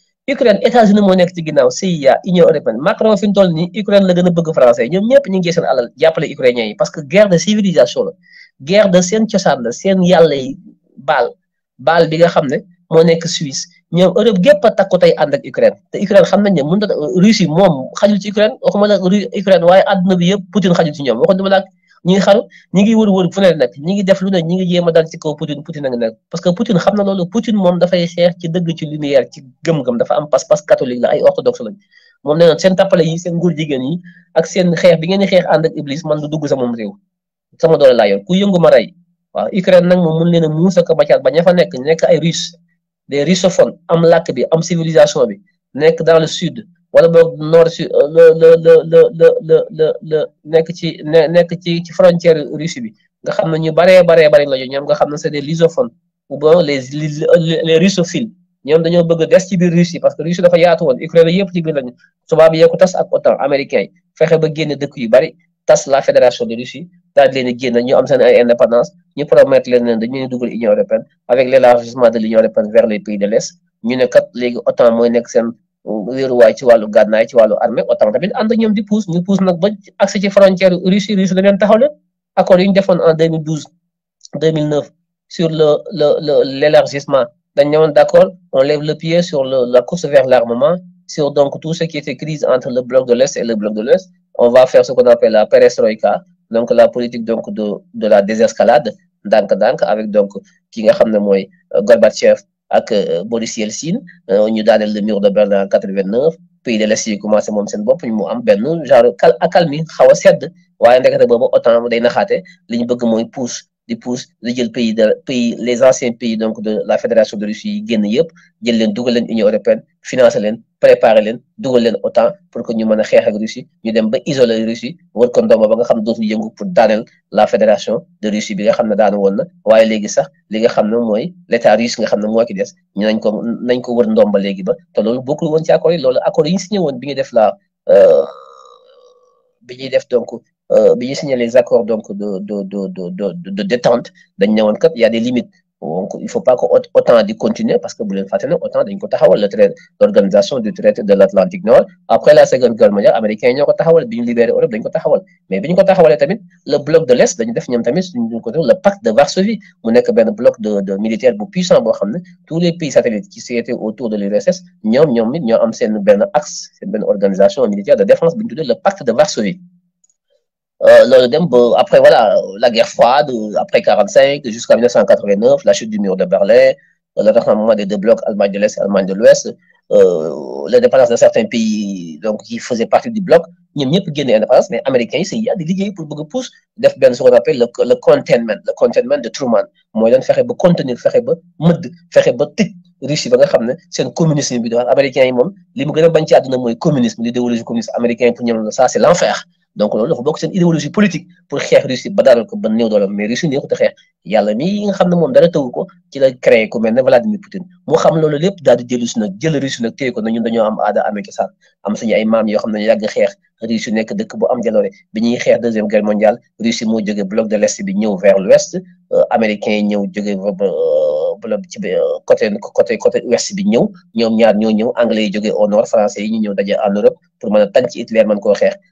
Ukraine États-Unis moo nekk ci ginnaaw CIA Union européenne Macron fi mu toll nii Ukraine la gën a bëgg français ñoom ñëpp ñu ngi seen alal jàppale ukrainiens yi parce que guerre de civilisation guerre de seen cosaan la seen yàlla yi baal baal bi nga xam ne moo nekk Suisse ñoom Europe gépp a takku tey ànd ak Ukraine te Ukraine xam ne mënut a Russie moom xajul ci Ukraine waxuma la Ukraine waaye àdduna bi yëpp Poutine xajul ci ñoom waxuma la ak ñi ngi xaru ñi ngi wër-wër fu ne nag ñi def lu ne ñi ngi jéem a dal ci kaw Poutine Poutine nag nag parce que Poutine xam na loolu Poutine moom la ay orthodoxe lañ moom nee seen tappale yi seen nguur jigéen yi ak seen xeex bi ngeen xeex ànd ak Iblis man du dugg sama réew sama doole laa yor ku yëngu ma rey waaw Ukraine nag moom mën leen a muus ak ba ña fa nekk nekk ay russe des russophones am làkk bi am civilisation bi nekk dans le sud wala boog nord si euh, le le le le le le le nekk ci ne nekk ci ci frontière Russie bi nga xam ne ñu bare bare bare la ñu ñoom nga xam ne c'est des lusophones ou bien les les russophiles ñoom dañoo bëgg des ci biir Russie parce que Russie dafa yaatu woon Ukraine yëpp ci biir lañu tubaab yi ko tas ak OTAN américain yi fexe ba génne dëkk yu bari tas la fédération de Russie daal di leen génne ñu am seen ay indépendance ñu promettre leen ne dañu leen dugal Union européenne avec l'élargissement de l'Union européenne vers les pays de l'Est ñu ne kat léegi OTAN mooy nekk seen wéeruwaay ci walu gànnaay ci walu armée OTAN tamit and ñom di pousse ñu pousse nak ba accès ci frontière Russie Russie da leen taxaw accord yu ñu en 2012 2009 sur le le l'élargissement dañ ñewon d'accord on lève le pied sur le la course vers l'armement sur donc tout ce qui était crise entre le bloc de l'Est et le bloc de l'Est. on va faire ce qu'on appelle la perestroïka donc la politique donc de de la désescalade ndànk avec donc ki nga xamne moy euh, Gorbatchev ak euh, Boris Yeltsin euh, ñu daaneel le mur de Berlin en quatre-vingt-neuf pays de l'Est yi commencé moom seen bopp ñu mu am benn genre kal accalmie xaw a sedd waaye ndekete booba OTAN day naxaate li ñu bëgg mooy pousse. di pousse di jël pays de pays les anciens pays donc de la fédération de Russie yi génn yëpp jël leen Union européenne financé leen préparé OTAN pour que ñu mën Russie ñu ba isoler Russie war ko ndomba ba nga xam dootul yëngu pour daaneel la fédération de Russie bi nga xam ne daanu woon na waaye sax li nga xam ne mooy l'état russe nga xam ne moo ci des nañ ko nañ ndomba léegi ba te loolu bokkul woon ci accord loolu accord yi Euh, bi ñu signé les accords donc de de de de de détente dañ ne woon il y a des limites donc il faut pas autant di continuer parce que bu len fàtte autant dañ ko taxawal le traité l'organisation du traité de l'Atlantique Nord après la seconde guerre mondiale américains ñoko taxawal biñu libérer libéré Europe dañ ko taxawal mais biñu ko taxawalee tamit le bloc de l'Est dañ def ñam tamit suñu ko le pacte de Varsovie mu nek un bloc de de militaire bu puissant bo xamné tous les pays satellites qui étaient autour de l'URSS ñoom ñoom it ñoo am sen ben axe seen ben organisation militaire de défense biñu ñu le pacte de Varsovie euh, dem après voilà la guerre froide euh, après 45 jusqu'à 1989 la chute du mur de Berlin euh, le renforcement des deux blocs Allemagne de l'Est et Allemagne de l'Ouest l'indépendance de certains pays donc qui faisaient partie du bloc mieux pour gagner l'indépendance mais américains il y a di liggéey pour bëgg a pousse def benn ce qu'on appelle le le containment le containment de Truman Ils ont fait ba contenir fexe ba mëdd fexe ba tëj truc, ba nga xam ne communisme bi doon américains yi moom li mu gën a bañ ci àdduna communisme l'idéologie communiste américain pour ñoom ça c'est l'enfer donc loolu dafa bokk seen idéologie politique pour xeex Russie ba daanal ko ba néew doolam mais Russie néew te xeex yàlla mii nga xam ne moom dara tawu ko ci la créé ku mel ne Vladimir Poutine mu xam loolu lépp daal di jëlu si nag jël Russie nag téye ko na ñun dañoo am aada amee cosaan am suñu ay maam yoo xam ne yàgg xeex Russie nekk dëkk bu am jaloore bi ñuy xeex deuxième guerre mondiale Russie moo jóge bloc de l'est bi ñëw vers l'ouest euh, américains yi ñëw jóge euh, bloc ci euh, côté côté côté bi ñëw ñoom ñaar ñoo ñëw anglais yi jóge au nord français yi ñu ñëw daje pour mën a tànn mën koo xeex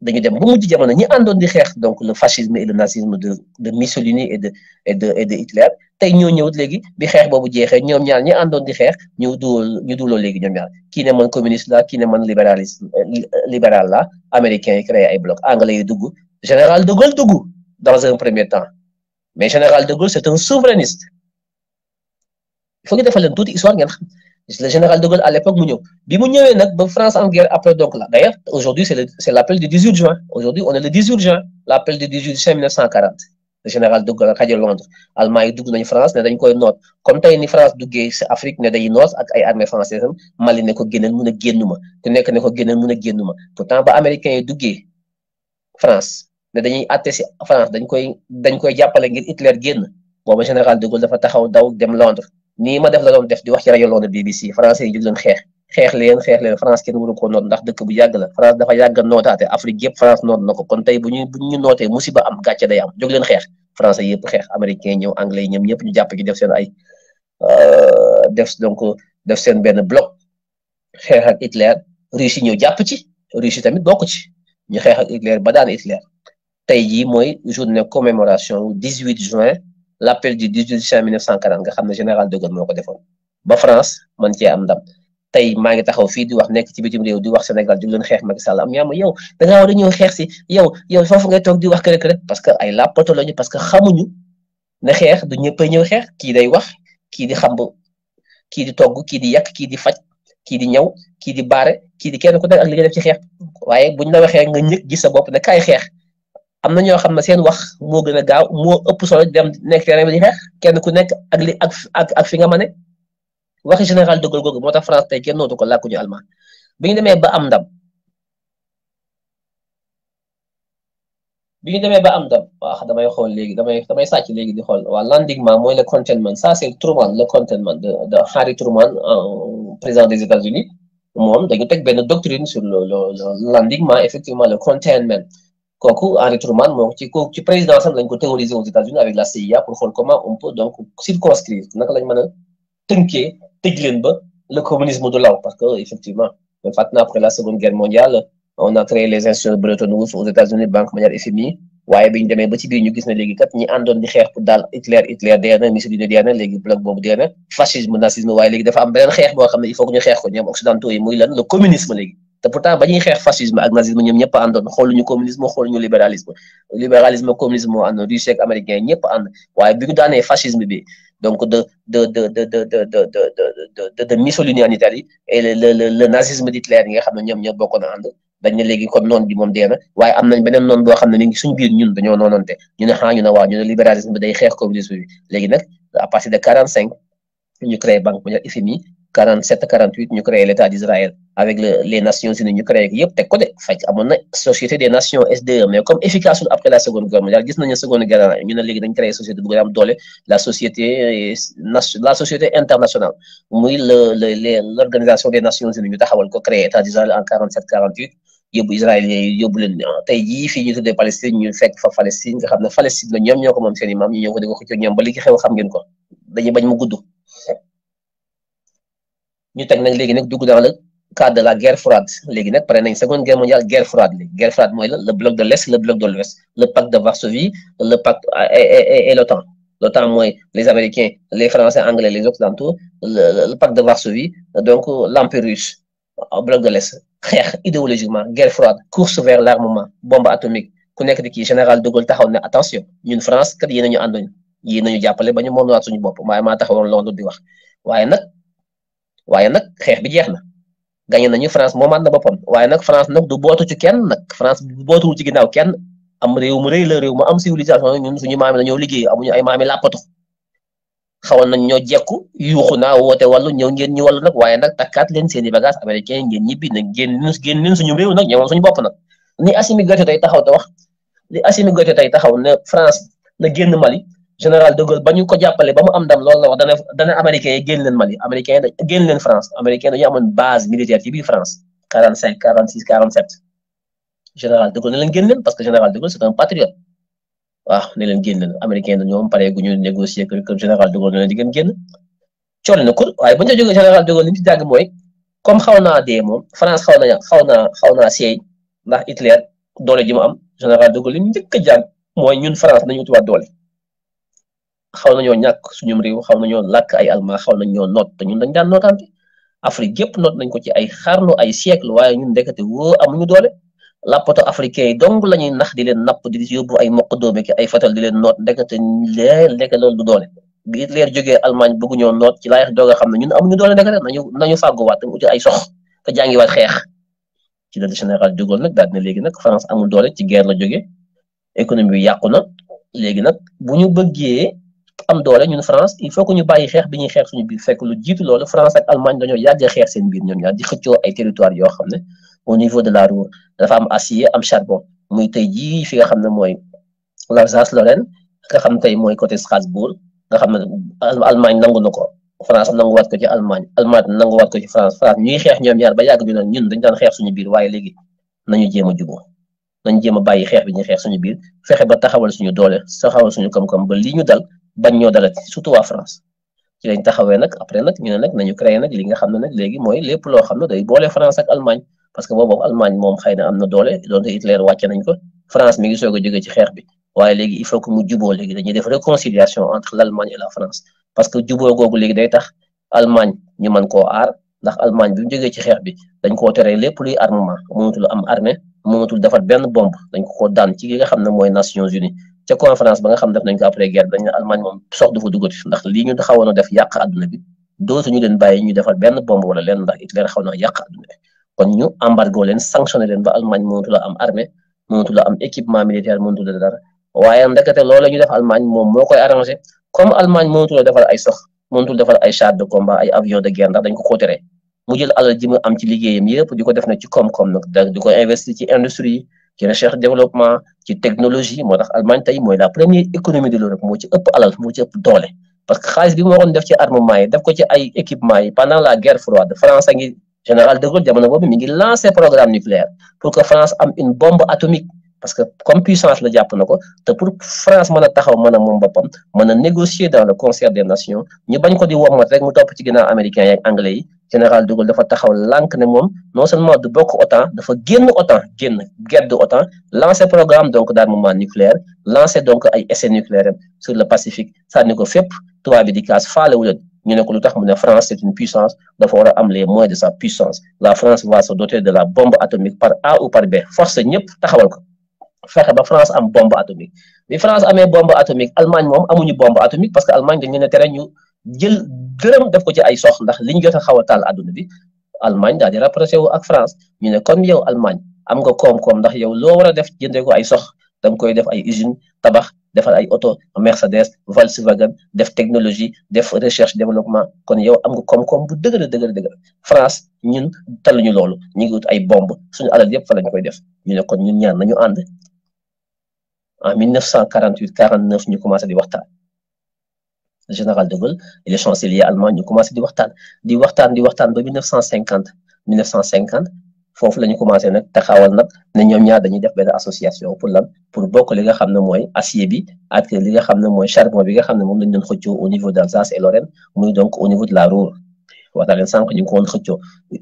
dañu dem ba mujj jamono ñi àndoon di xeex donc le fascisme et le nazisme de de Mussolini et de et de et de Hitler tey ñoo ñëw léegi bi xeex boobu jeexee ñoom ñaar ñi àndoon di xeex ñu duwal ñu duwaloo léegi ñoom ñaar kii ne man communiste la kii ne man libéraliste euh, libéral la américain yi créé ay bloc anglais yi dugg général de Gaulle dugg dans un premier temps mais général de Gaulle c'est un souverainiste il faut que defal leen tuuti histoire ngeen xam le général de Gaulle à l'époque il n'y bi mu de France en guerre après donc là d'ailleurs aujourd'hui c'est l'appel du 18 juin aujourd'hui on est le 18 juin l'appel du 18 juin 1940 le général de Gaulle à Londres Allemagne yi dugg France ne dañ koy noot comme ils ni France duggee c'est Afrique ne dañuy noot ak ay française am Mali ne ko génneen mun a génnuma ku nekk ko génneen pourtant les américains yi duggee France Ils pas atte en France dañ koy dañ koy jàppale ngir Hitler génn booba général de Gaulle dafa taxaw daw dem Londres ni ma def la doon def di wax ci rajo Londres BBC français yi xeex xeex leen xeex leen France kenn waru ko noot ndax dëkk bu yàgg la France dafa yàgg a nootaate Afrique yëpp France noot na ko kon tey bu ñu bu ñu nootee musiba am gàcce day am jóg leen xeex français yëpp xeex américain ñëw anglais ñoom ñëpp ñu jàpp ci def seen ay euh, def donc def seen benn bloc xeexak ak Hitler Russie ñëw jàpp ci Russie tamit bokk ci ñu xeex ak Hitler ba daan Hitler tey jii mooy journée commémoration 18 juin. l'appel du 18 juin 1940 nga xam ne général de Gaulle moo ko defoon ba France man cee am ndam tey maa ngi taxaw fii di wax nekk ci bitim réew di wax Sénégal di leen xeex Macky Sall am yaa ma war a ñëw xeex si yow yow foofu ngay toog di wax kër rek parce que ay làppato lañu parce que xamuñu ne xeex du ñëpp ñëw xeex kii day wax kii di xamb kii di togg kii di yàq kii di faj kii di ñaw kii di baare kii di kenn ku nekk ak li nga def ci xeex waaye buñ la waxee nga ñëkk gis sa bopp ne kaay xeex. am na ñoo xam ne seen wax moo gën a gaaw moo ëpp solo dem nekk terrain bi di xeex kenn ku nekk ak li ak ak ak fi nga ma ne waxi général de Gaulle googu moo tax France tey kenn nootu ko ñu allemand bi ñu demee ba am ndam bi ñu demee ba am ndam waaw damay xool léegi damay damay sàcc léegi di xool waa l'endiguement mooy le containment ça c'est Truman le containment de de Harry Truman président des États-Unis moom dañu teg benn doctrine sur le le l'endiguement effectivement le containment Kouakou Henry Truman moom ci ko ci président am lañ ko théorisé aux États-Unis avec la CIA pour voir comment on peut donc circonscrire naka lañ mën a tënkee tëj ba le communisme de law parce que effectivement même après la seconde guerre mondiale on a créé les institutions Bretton aux États-Unis banque mondiale FMI waaye bi ñu demee ba ci biir ñu gis na léegi kat ñi àndoon di xeex pour daal Hitler Hitler dee na Mussolini dee na léegi bloc boobu dee na fascisme nazisme waaye léegi dafa am beneen xeex boo xam ne il faut que ñu xeex ko ñoom occidentaux yi muy lan le communisme léegi te pourtant bañuy xex fascisme ak nazisme ñom ñëpp andon àndoon ñu communisme ñu libéralisme libéralisme communisme moo russe ak américain ñëpp ànd waye bi ñu dané fascisme bi donc de de de de de de de de de de Mussolini en Italie et le le le nazisme d'Hitler yi nga xam ne ñoom ñoo bokkoon a ànd dañ ne léegi kon noonu bi moom dee na waaye am nañ beneen noonu boo xam ne mi ngi suñu biir ñun dañoo noonante ñu ne xaa ñu ne waaw ñu ne libéralisme bi day xeex communisme bi léegi nag à partir de 45 ñu créé banque mondiale FMI 47 48 ñu créé l'État d'Israël avec le, les Nations Unies ñu créé yépp teg ko dé faj amon na société des nations SDE mais comme efficace après la seconde guerre mondiale gis nañu seconde guerre ñu na légui dañ créé société bu gën a am doole la société euh, la société internationale muy le le l'organisation des Nations Unies ñu taxawal ko créé État d'Israël en 47 48 yóbbu israéliens yi yóbbu leen euh, tey jii ñu tuddee Palestine ñu fekk fa Palestine nga xam Palestine la ñoom ñoko mom moom seen i maam ñu ñoo ko di ko xëccoo ñoom ba li ki xew xam ngeen ko dañuy bañ mu guddou nous, tek nañ légui nak dugg dans le cadre de la guerre froide Les nak prennent nañ seconde guerre mondiale guerre froide guerre froide moy le bloc de l'est le bloc de l'ouest le pacte de Varsovie le pacte euh, et l'OTAN l'OTAN moy les américains les français anglais les occidentaux le pacte de Varsovie donc l'empire russe bloc de l'est xeex idéologiquement guerre froide course vers l'armement bombe atomique ku nek di le général de Gaulle taxaw ne attention ñun France kat yéen a ñu àndoon yéen le ñu jàppale ba ñu wat suñu bopp ma taxawon taxawoon di wax waye nak waaye nag xeex bi jeex na gañe nañu France moom moomaat na boppam waaye nag France nag du bootu ci kenn nag France du bootuwul ci ginnaaw kenn am réew mu rëy la réew mu am civilisation ñun suñu maam maami dañoo liggéey amuñu ay maami làppatu xawoon nañ ñoo jekku yuuxu naaw woote wàllu ñëw ngeen ñu wàllu nag waaye nag takkaat leen seen i bagage américain ngeen ñibbi nag génn génn leen suñu réew nag ñoom suñu bopp nag ni Assimi Goïta tey taxaw te wax li Assimi Goïta tey taxaw ne France na génn Mali général de Gaulle ba ñu ko jàppale ba mu am ndam loolu la wax dana dana américains yi génn leen Mali américains yi da génn leen France américains dañu amoon base militaire ci biir France 45 46 47 général de Gaulle ne leen génn leen parce que général de Gaulle c'est un patriote waaw ne leen génn leen américains yi ñoom pare gu ñu négocier que général de Gaulle ne leen di gën génn coole na kur waaye bu ñu jógee général de Gaulle li ñu ci jàng mooy comme xaw naa dee moom France xaw na xaw naa xaw naa seey ndax Hitler doole ji mu am général de Gaulle li ñu njëkk a jàng mooy ñun France nañu utiwaat doole. xaw ñoo ñàkk suñum réew xaw nañoo làkk ay alma xaw nañoo noot te ñun dañ daan nootaante Afrique yëpp noot nañ ko ci ay xarnu ay siècle waaye ñun ndekete woo amuñu doole làppato africain yi dong la ñuy nax di leen napp di yóbbu ay mokk dóome ki ay fetal di leen noot ndekete leer ndeke loolu du doole leer jógee Allemagne bëgguñoo noot ci laay doog a xam ne ñun amuñu doole ndekete nañu nañu waat tam uti ay sox te jàngiwaat xeex ci la général jógoon nag daal dina léegi nag France amul doole ci guerre la jógee économie bi yàqu na léegi nag bu ñu bëggee am doole ñun France il faut que ñu bàyyi xeex bi ñuy xeex suñu fekk lu jiitu loolu France ak a xeex seen biir ñoom ñaar di xëccoo ay yoo xam ne au niveau de la Ruhr dafa am acier am charbon muy tey jii fi nga xam ne mooy l'Alsace-Lorraine nga xam tey mooy côté Strasbourg nga xam ne Allemagne nangu na ko France nanguwaat ko ci Allemagne Allemagne nanguwaat ko ci France France ñuy xeex ñoom ñaar ba yàgg ñu naan ñun dañu daan xeex suñu biir waaye léegi nañu jéem a jubóo nañu jéem a bàyyi xeex bi ñuy xeex suñu biir fexe ba taxawal suñu doole taxawal suñu koom-koom ba lii ñu dal bañ ñoo dara surtout wa France ci lañ taxawé nak après nak ñu ne nag nañu créé nak li nga xamné nak légui moy lépp lo xamné day bolé France ak Allemagne parce que bobu Allemagne mom xeyna amna am na doole doonte Hitler wàcce nañ ko France mi ngi soog jëgé ci xéx bi waye légui il faut que mu djubo légui dañuy def réconciliation entre l'Allemagne et la France parce que djubo gogou légui day tax Allemagne ñu man ko ar ndax Allemagne bu jëgé ci xéx bi dañ ko tere lépp luy armement mënutul am armée mënutul defar benn bombe dañ ko ko daan ci li nga xamné moy Nations Unies ca ba nga xam def nañ ko après guerre bi dañ ne Allemagne moom sox dafa duggati ndax lii ñu xawoon a def leen bàyyi ñu defal benn bombe wala leen ndax Hitler xaw na yàq àdduna bi kon ñu embargo leen sanctionné leen ba Allemagne waaye ndekete loolu la ñu def Allemagne moom moo koy arrangé comme Allemagne mënatu la defal ay sox mënatu defal ay chars de combat ay avion de guerre ndax dañ ko ko tere mu jël alal am ci liggéeyam yëpp di ko def na ci koom-koom nag di ko investir ci industrie Qui recherche développement ci technologie motax la première économie de l'Europe mo ci ëpp alal mo ci ëpp parce que xaliss bi mo des def ci armement yi pendant la guerre froide France a général de Gaulle jamono bobu mi ngi programme nucléaire pour que France ait une bombe atomique parce que comme puissance la japp nako te pour France mën a taxaw mën mom bopam négocier dans le concert des nations ñu bañ ko di wommat rek mu top ci les américains et anglais Le général de Gaulle dafa taxaw lank ne mom non seulement du bokk autant dafa génn autant génn gedd autant. lancer programme donc d'armement nucléaire lancer donc ay essais nucléaires sur le Pacifique ça ko fépp tubaab bi di kaas faalewuleen ñu ne ko lutax France c'est une puissance dafa wara am les moyens de sa puissance la France va se doter de la bombe atomique par A ou par B force ñep taxawal ko fexe ba France am bombe atomique France amee bombe atomique Allemagne moom amuñu bomb atomique parce que Allemagne ñu ne tere ñu jël dërëm def ko ci ay sox ndax liñ jot a xaw a taal àdduna bi Allemagne daal di rapproché wu ak France ñu ne kon yow Allemagne am nga koom-koom ndax yow loo war a def jëndee ko ay sox da koy def ay usine tabax defal ay oto Mercedes Volkswagen def technologie def recherche développement kon yow am nga koom-koom bu dëgër dëgër dëgër France ñun taluñu loolu ñu ngi wut ay bomb suñu alal yëpp fa lañ koy def ñu ne kon ñun ñaan nañu ànd en 1948 49 ñu commencé di waxtaan général de Gaulle et les chanceliers allemands ñu commencé di waxtaan di waxtaan di waxtaan ba 1950 1950 fofu lañu commencé nak taxawal nak ne ñoom ñaar dañuy def ben association pour lan pour bokk li nga xamne moy acier bi ak li nga xamne moy charbon bi nga xamne ne moom lañ doon xëccoo au niveau d'Alsace et Lorraine muy donc au niveau de la Ruhr wax naa sank ñu ngi ko woon xëccoo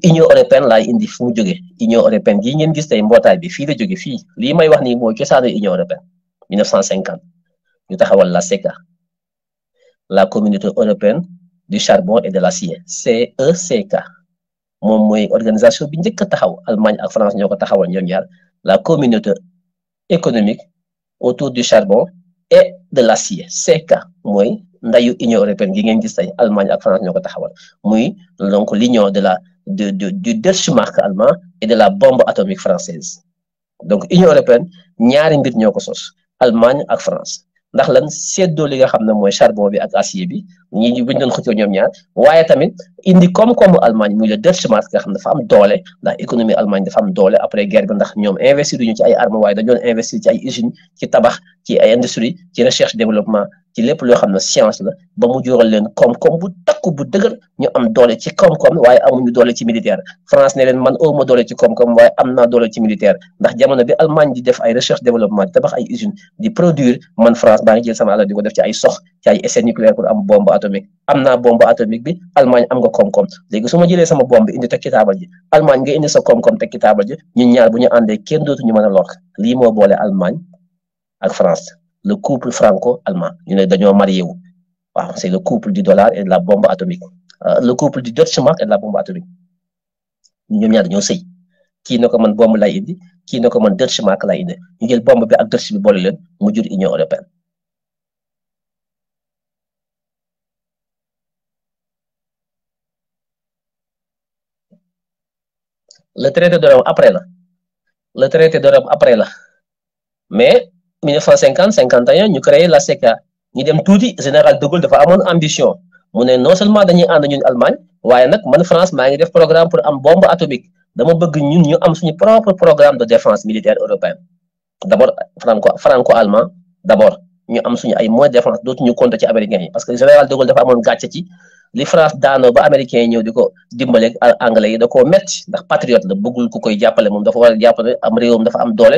union européenne laay indi fu mu joggé union européenne gi ngeen gis tay mbotay bi fi la joggé fi li may wax ni moy mooy cosaanu union européenne 1950 Nous taxawal la SECA, la communauté européenne du charbon et de l'acier CECA, moom organisation bi a taxaw Allemagne ak France nous taxawal la communauté économique autour du charbon et de l'acier CECA mooy l'Union union européenne gi ngeen Allemagne ak France nous taxawal donc l'union de la de de du Deutschmark allemand et de la bombe atomique française donc l'Union européenne ñaari mbir Allemagne ak France ndax lan seddoo li nga xam ne mooy charbon bi ak acier bi ñi ñu buñ doon xëccoo ñoom ñaar waaye tamit indi koom-koomu Allemagne muy le Deutsche Mark nga xam ne dafa am doole ndax économie Allemagne dafa am doole après guerre bi ndax ñoom investir ñu ci ay armes waaye dañu doon investir ci ay usines ci tabax ci ay industrie ci recherche développement ci lépp loo xam ne science la ba mu jural leen koom-koom bu takku bu dëgër ñu am doole ci koom-koom waaye amuñu doole ci militaire France ne leen man awma doole ci koom-koom waaye am naa doole ci militaire ndax jamono bi Allemagne di def ay recherche développement di tabax ay usine di produire man ko def sox ci ay essai nucléaire pour am bombe atomique am naa bombe atomique bi Allemagne am nga koom-koom léegi su ma jëlee sama bombe indi tekki taabal ji Allemagne nga indi sa koom-koom tekki taabal ji ñun ñaar bu ñu àndee kenn dootuñu mën moo boole Allemagne ak le couple franco-allemand ñu ne dañoo marié wu waaw c'est le couple di dollar et la bombe atomique euh, le couple du Deutsche Mark et de la bombe atomique ñoom ñaar dañoo sëy kii na ko man bombe lay indi kii na ko man Deutsche Mark lay indi ñu jël bombe bi ak Deutsche bi boole leen mu jur Union européenne le traité de Rome la le traité de Rome la mais 1950 51 ñu créé la CECA ñu dem tuuti général de Gaulle dafa amoon ambition mu ne non seulement dañuy ànd ñu Allemagne waaye nag man France maa ngi def programme pour am bombe atomique dama bëgg ñun ñu am suñu propre programme de défense militaire européen d' abord franco allemand d' ñu am suñu ay moyens de défense dootuñu compter ci américains yi parce que général de Gaulle dafa amoon gàcce ci li France daanoo ba américains ñëw di ko dimbale anglais yi da koo metti ndax bëggul ku koy jàppale moom dafa war a jàppale am réewam dafa am doole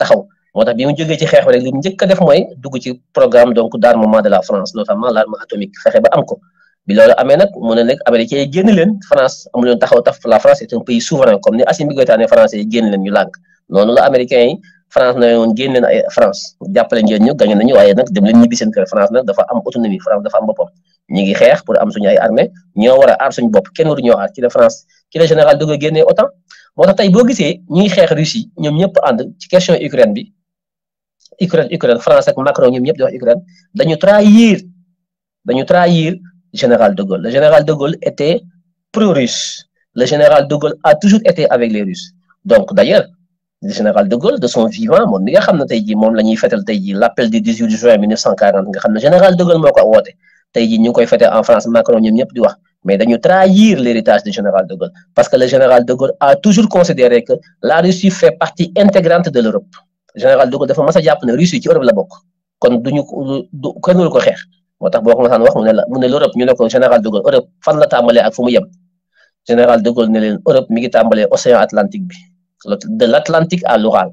dafa motax tax bi mu jógee ci xex bi rek li mu def moy dugg ci programme donc d'armement de la France notamment l'arme atomique fexe ba am ko bi lolu amé nak mu ne nag américain génn leen France amu leen taxaw taf la France est un pays souverain comme ni Assimi Goïta français yi génn leen ñu lank nonu la américain France na yon génn leen France jappalé ngeen ñu gañu nañu wayé nak dem leen ñibi seen kër France nak dafa am autonomie France dafa am boppam ñi ngi xex pour am suñu ay armée ño wara ar suñu bop kenn waru ño ar ci la France ci la général dugg génné autant motax tay bo gisé ñi xex Russie ñom ñëpp and ci question Ukraine bi Ukraine Ukraine France ak Macron ñoom ñëpp di wax Ukraine dañu trahir dañu trahir général de Gaulle le général de Gaulle était pro-russe le général de Gaulle a toujours été avec les Russes donc d'ailleurs le général de Gaulle de son vivant mon nga xam ne tey jii moom la ñuy l'appel du 18 juin 1940 nga xam le général de Gaulle moo ko woote tey jii ñu koy fete en France Macron ñoom ñëpp di wax mais dañu trahir l'héritage du général de Gaulle parce que le général de Gaulle a toujours considéré que la Russie fait partie intégrante de l'Europe général de Gaulle defa mas a jàpp ne Russie ci Europe la bokk kon duñu du kenn du ko xeex moo tax boo ko masaan wax mu ne la mu ne l'Europe ñu ne ko général de Gaulle Europe fan la tàmbalee ak fu mu yem général de Gaulle ne leen Europe mi ngi tàmbalee océan Atlantique bi de l'Atlantique à l'Oural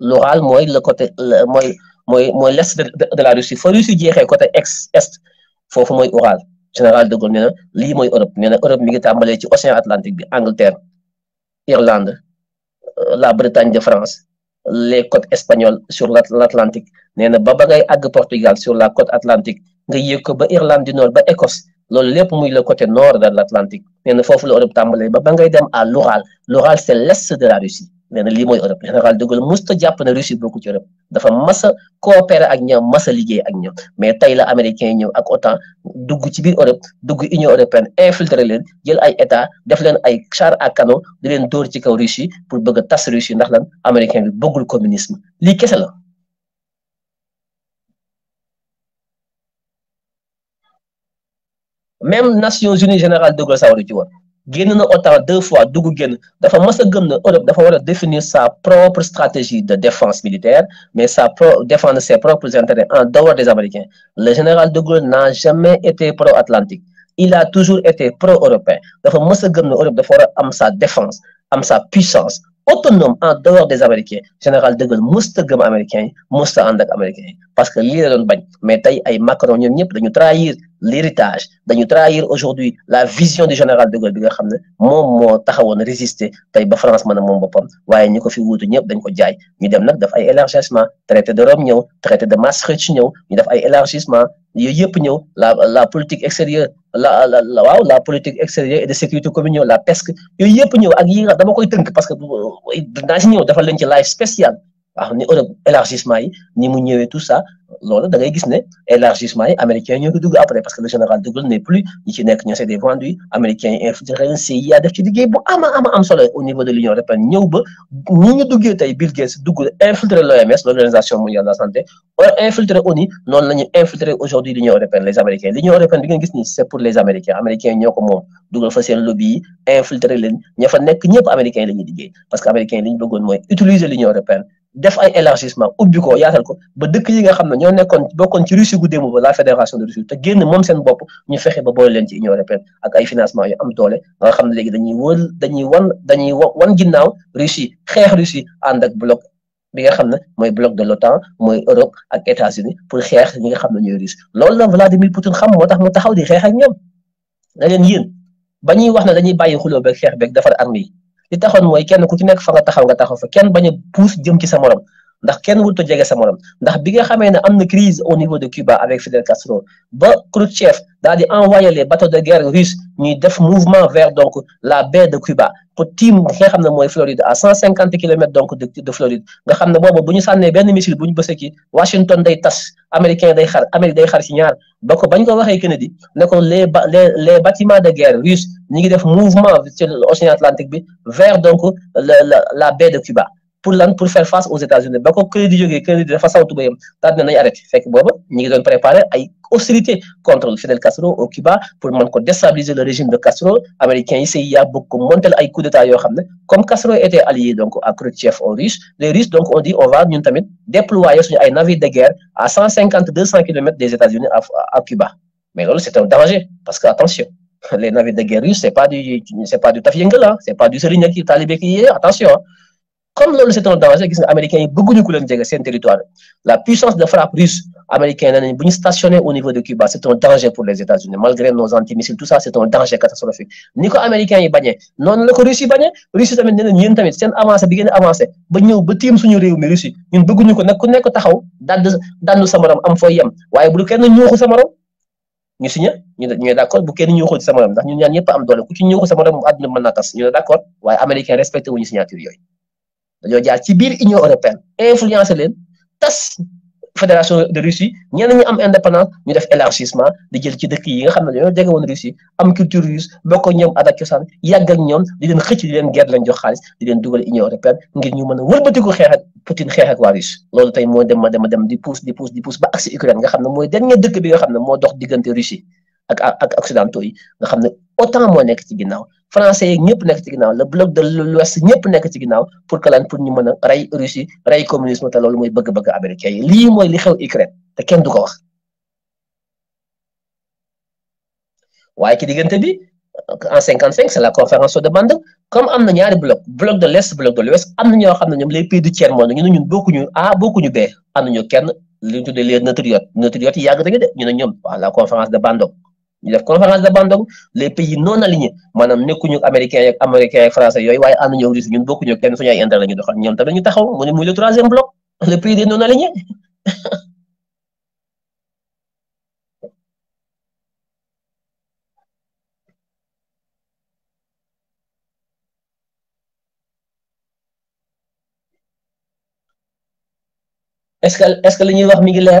l'Oural mooy le côté mooy mooy mooy l'est de la Russie fa Russie côté ex est foofu mooy Oural général de Gaulle lii mooy Europe nee na Europe mi ngi tàmbalee ci océan Atlantique bi Angleterre Irlande euh, la Bretagne de France les côtes espagnoles sur l'Atlantique nee na ba ba ngay àgg Portugal sur la côte atlantique nga yéeg ko ba Irlande du Nord ba Écosse loolu lépp muy la côté nord de l'Atlantique nee na foofu la Europe tàmbalee ba ba ngay dem à l'Oural l'Oural c'est l'est de la Russie nee na lii mooy Europe général de Gaulle musta jàpp na Russie bokku ci Europe dafa mas a coopérer ak ñoom mas liggéey ak ñoom mais tey la américain ñëw ak OTAN dugg ci biir Europe dugg Union européenne infiltré leen jël ay état def leen ay char à canon di leen dóor ci kaw Russie pour bëgg a tas Russie ndax lan américain bi bëggul communisme lii kese la. même Nations Unies général de Gaulle sawaru ci woon. génn na deux fois dugg génn dafa mës a gëm ne Europe dafa war définir sa propre stratégie de défense militaire mais sa défendre ses propres intérêts en dehors des Américains le général de Gaulle n'a jamais été pro-atlantique il a toujours été pro-européen dafa mës a gëm ne Europe dafa war am sa défense am sa puissance autonome en dehors des Américains général de Gaulle mës a gëm Américains yi Américain. a ànd ak Américains parce que lii la mais Macron de trahir l'héritage nous trahir aujourd'hui la vision du général de Gaulle bi nga résister à la France a Nous fi traité de Rome traité de Maastricht élargissement la la politique extérieure la la politique extérieure et de sécurité commune la PESC Nous parce que euh, nous waaw ni Europe élargissement yi ni mu ñëwé tout ça loolu da ngay gis né élargissement yi américains ñoo ko dugg après parce que le général de Gaulle n'est plus ñi ci nekk ñoo des vendus américains yi infiltré CIA def ci liggéey bu ama ama am solo au niveau de l'Union européenne ñëw ba ñi ñu duggee tey Bill Gates dugg infiltré l'OMS l'organisation mondiale de la santé infiltré ONU non la infiltré aujourd'hui l'Union européenne les américains l'Union européenne bi ngeen gis ni c'est pour les américains américains ñoko mom duggal moom dugal fa seen lobby infiltrer infiltré leen ña fa nekk ñëpp américains lañu la liggéey parce que américains yi li ñu bëggoon utiliser l'Union européenne def ay élargissement ubbi ko yaatal ko ba dëkk yi nga xam ne ñoo nekkoon kon ci Russie gu démb ba la fédération de Russie te génn moom seen bopp ñu fexe ba boole leen ci Union européenne ak ay financement yu am doole nga xam ne dañuy wër dañuy wan dañuy wan ginnaaw Russie xeex Russie ànd ak bloc bi nga xam ne mooy bloc de l'OTAN mooy Europe ak États-Unis pour xeex ñi nga xam ne ñooy Russie loolu la Vladimir Poutine xam moo tax mu taxaw di xeex ak ñoom na leen yéen ba ñuy wax ne dañuy bàyyi xuloo beeg xeex beeg defar armée yi li taxoon mooy kenn ku ci nekk fa nga taxaw nga taxaw fa kenn bañ a puus jëm ci sa ndax kenn wut a jege sa morom ndax bi nga xamee ne am na crise au niveau de Cuba avec Fidel Castro ba Khrouchtchev daal di envoyer les bateaux de guerre russes ñuy def mouvement vers donc la baie de Cuba pour tiim ki nga xam ne mooy Floride à cent cinquante kilomètres donc de de Floride nga xam ne boobu bu ñu sànnee benn missile bu ñu bësee ki Washington day tas américain day xar Amérique day xar ci ñaar ba ko bañ ko waxee Kennedy ne ko les les les bâtiments de guerre russes ñi ngi def mouvement ci l'océan Atlantique bi vers donc la la baie de Cuba pour lan pour faire face aux États-Unis ba de kër di jógee kër di dafa saw tubayam daal dina nañ arrêté fekk bobu ñi ngi doon préparé ay hostilité contre Fidel Castro au Cuba pour mën ko déstabiliser le régime de Castro américains yi y a beaucoup montel ay coup d'état yo xamné comme Castro était allié donc à Khrushchev, aux Russes les Russes donc on dit on va ñun tamit déployer suñu ay navires de guerre à 150-200 km des États-Unis à Cuba mais là, c'est un danger parce que attention les navires de guerre russes c'est pas du c'est pas du Tafiyenguela c'est pas du Serigne qui talibé ki attention hein comme loolu c'est un danger gis nga américains yi bëgguñu ku leen jege seen territoire la puissance de frappe russe américain nee nañ bu ñu stationné au niveau de Cuba c'est un danger pour les États-Unis malgré nos antimissiles tout ça c'est un danger catastrophique ni ko américains yi bañee noonu la ko Russie yi bañee Russie tamit nee nañ yéen tamit seen avancé bi ngeen avancé ba ñëw ba tiim suñu réew mi Russie ñun bëgguñu ko nag ku nekk taxaw dadd dandu sa morom am fooy yem waaye bu kenn ñuuxu sa ñu signé ñu ñu d'accord bu kenn ñuuxu sa morom ndax ñun ñaan ñëpp am doole ku ci ñuuxu sa morom mën na tas ñu d'accord waaye américain respecté wuñu signature yooyu dañoo ci biir Union européenne influencé leen tas fédération de Russie ñenn ñi am indépendance ñu def élargissement di jël ci dëkk yi nga xam ne dañoo jege woon Russie am culture russe bokk ñoom aada cosaan yàgg ak ñoom di leen xëcc di leen guerre leen jox xaalis di leen dugal Union européenne ngir ñu mën a wëlbatiku xeex ak Poutine xeex ak waa Russe loolu tey moo dem ma dem a dem di pousse di pousse di pousse ba agsi Ukraine nga xam ne mooy den dernier dëkk bi nga xam ne moo dox diggante Russie ak ak occidentaux yi xam ne autant moo nekk ci ginnaaw français yi ñëpp nekk ci ginnaaw le bloc de l'ouest ñëpp nekk ci ginnaaw pour que lan pour ñu mën a rey russie rey communisme te loolu mooy bëgg-bëgg américain yi lii mooy li xew ukraine te kenn du ko wax waaye ki diggante bi en 55 c'est la conférence de bande comme am na ñaari bloc bloc de l'est bloc de l'ouest am na ñoo xam ne ñoom les pays du tiers monde ñu ne ñun bokkuñu a ñu b am nañu kenn li ñu tuddee les neutriotes neutriotes yi yàgg nañu de ñu ne ñoom waaw la conférence de bande ñu def conférence de Bandung les pays non alignés maanaam nekkuñu américain ak américain ak français yooyu waaye ànd ñoo russi ñun bokkuñu kenn suñu ay intérêt la ñu doxal ñoom tamit ñu taxaw mu ne muy le troisième bloc les pays des non alignés est-ce que est-ce que li ñuy wax mi ngi leer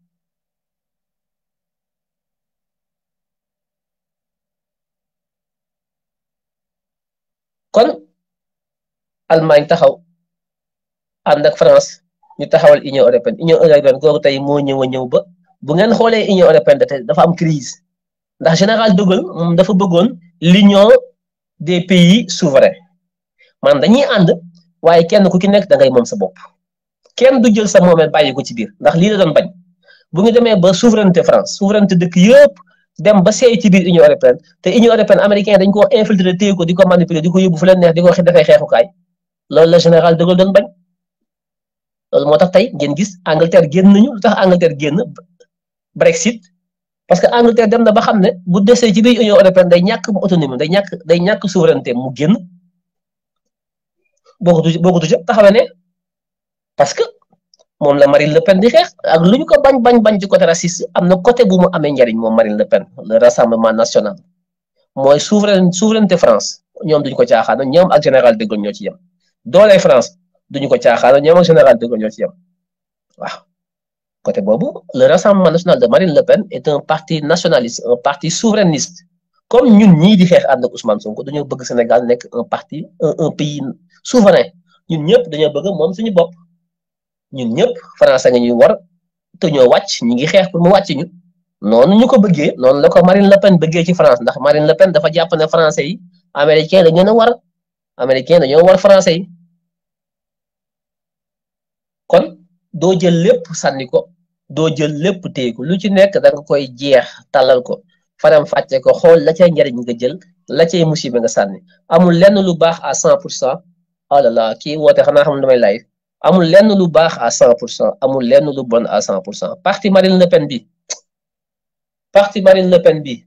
kon Allemagne taxaw ànd ak France ñu taxawal Union européenne Union européenne googu tey moo ñëw a ñëw ba bu ngeen xoolee Union européenne tey dafa am crise ndax général de Gaulle moom dafa bëggoon l'union des pays souverains maanaam dañuy ànd waaye kenn ku ki nekk da ngay moom sa bopp kenn du jël sa moomeel bàyyi ko ci biir ndax lii la doon bañ bu ñu demee ba souveraineté France souveraineté dëkk yëpp. dem ba seey ci biir Union européenne te Union européenne américain dañ koo infiltrer téye ko di ko manipuler di ko yóbbu fu leen neex di ko defee xeexukaay loolu la général de Gaulle doon bañ loolu moo tax tey ngeen gis Angleterre génn nañu lu tax Angleterre génn Brexit parce que Angleterre dem na ba xam ne bu desee ci biir Union européenne day ñàkk autonomie day ñàkk day ñàkk souveraineté mu génn boo ko boo ko parce que. Mon la Marine Le Pen di xex ak luñu ko bañ bañ bañ ci côté raciste amna côté bu mu amee njariñ Marine Le Pen le rassemblement national moy souverain souveraineté France ñom duñ ko caaxaana ñom ak général de Gaulle ñoo ci yam doole France duñ ko caaxaana ñom ak général de Gaulle ñoo ci yam waaw côté bobu le rassemblement national de Marine Le Pen est un parti nationaliste un parti souverainiste comme ñun ñi di xex and ak Ousmane Sonko dañu bëgg Sénégal nekk un parti un pays souverain ñun ñëpp dañu bëgg mom suñu bopp. ñun ñëpp français nga ñuy war te ñoo wàcc ñu ngi xeex pour mu wàcc ñu noonu ñu ko bëggee noonu la ko Marine Le Pen bëggee ci France ndax Marine Le Pen dafa jàpp ne français yi américain dañoo na war américain dañoo war français yi kon doo jël lépp sànni ko doo jël lépp téye ko lu ci nekk da nga koy jeex tàllal ko faram fàcce ko xool la cay njariñ nga jël la cay musiba nga sànni amul lenn lu baax à cent pour cent oh là là kii woote xanaa xam damay live amul lenn lu baax à 100% pour amul lenn lu bon à 100% parti Marine Le Pen bi parti Marine Le Pen bi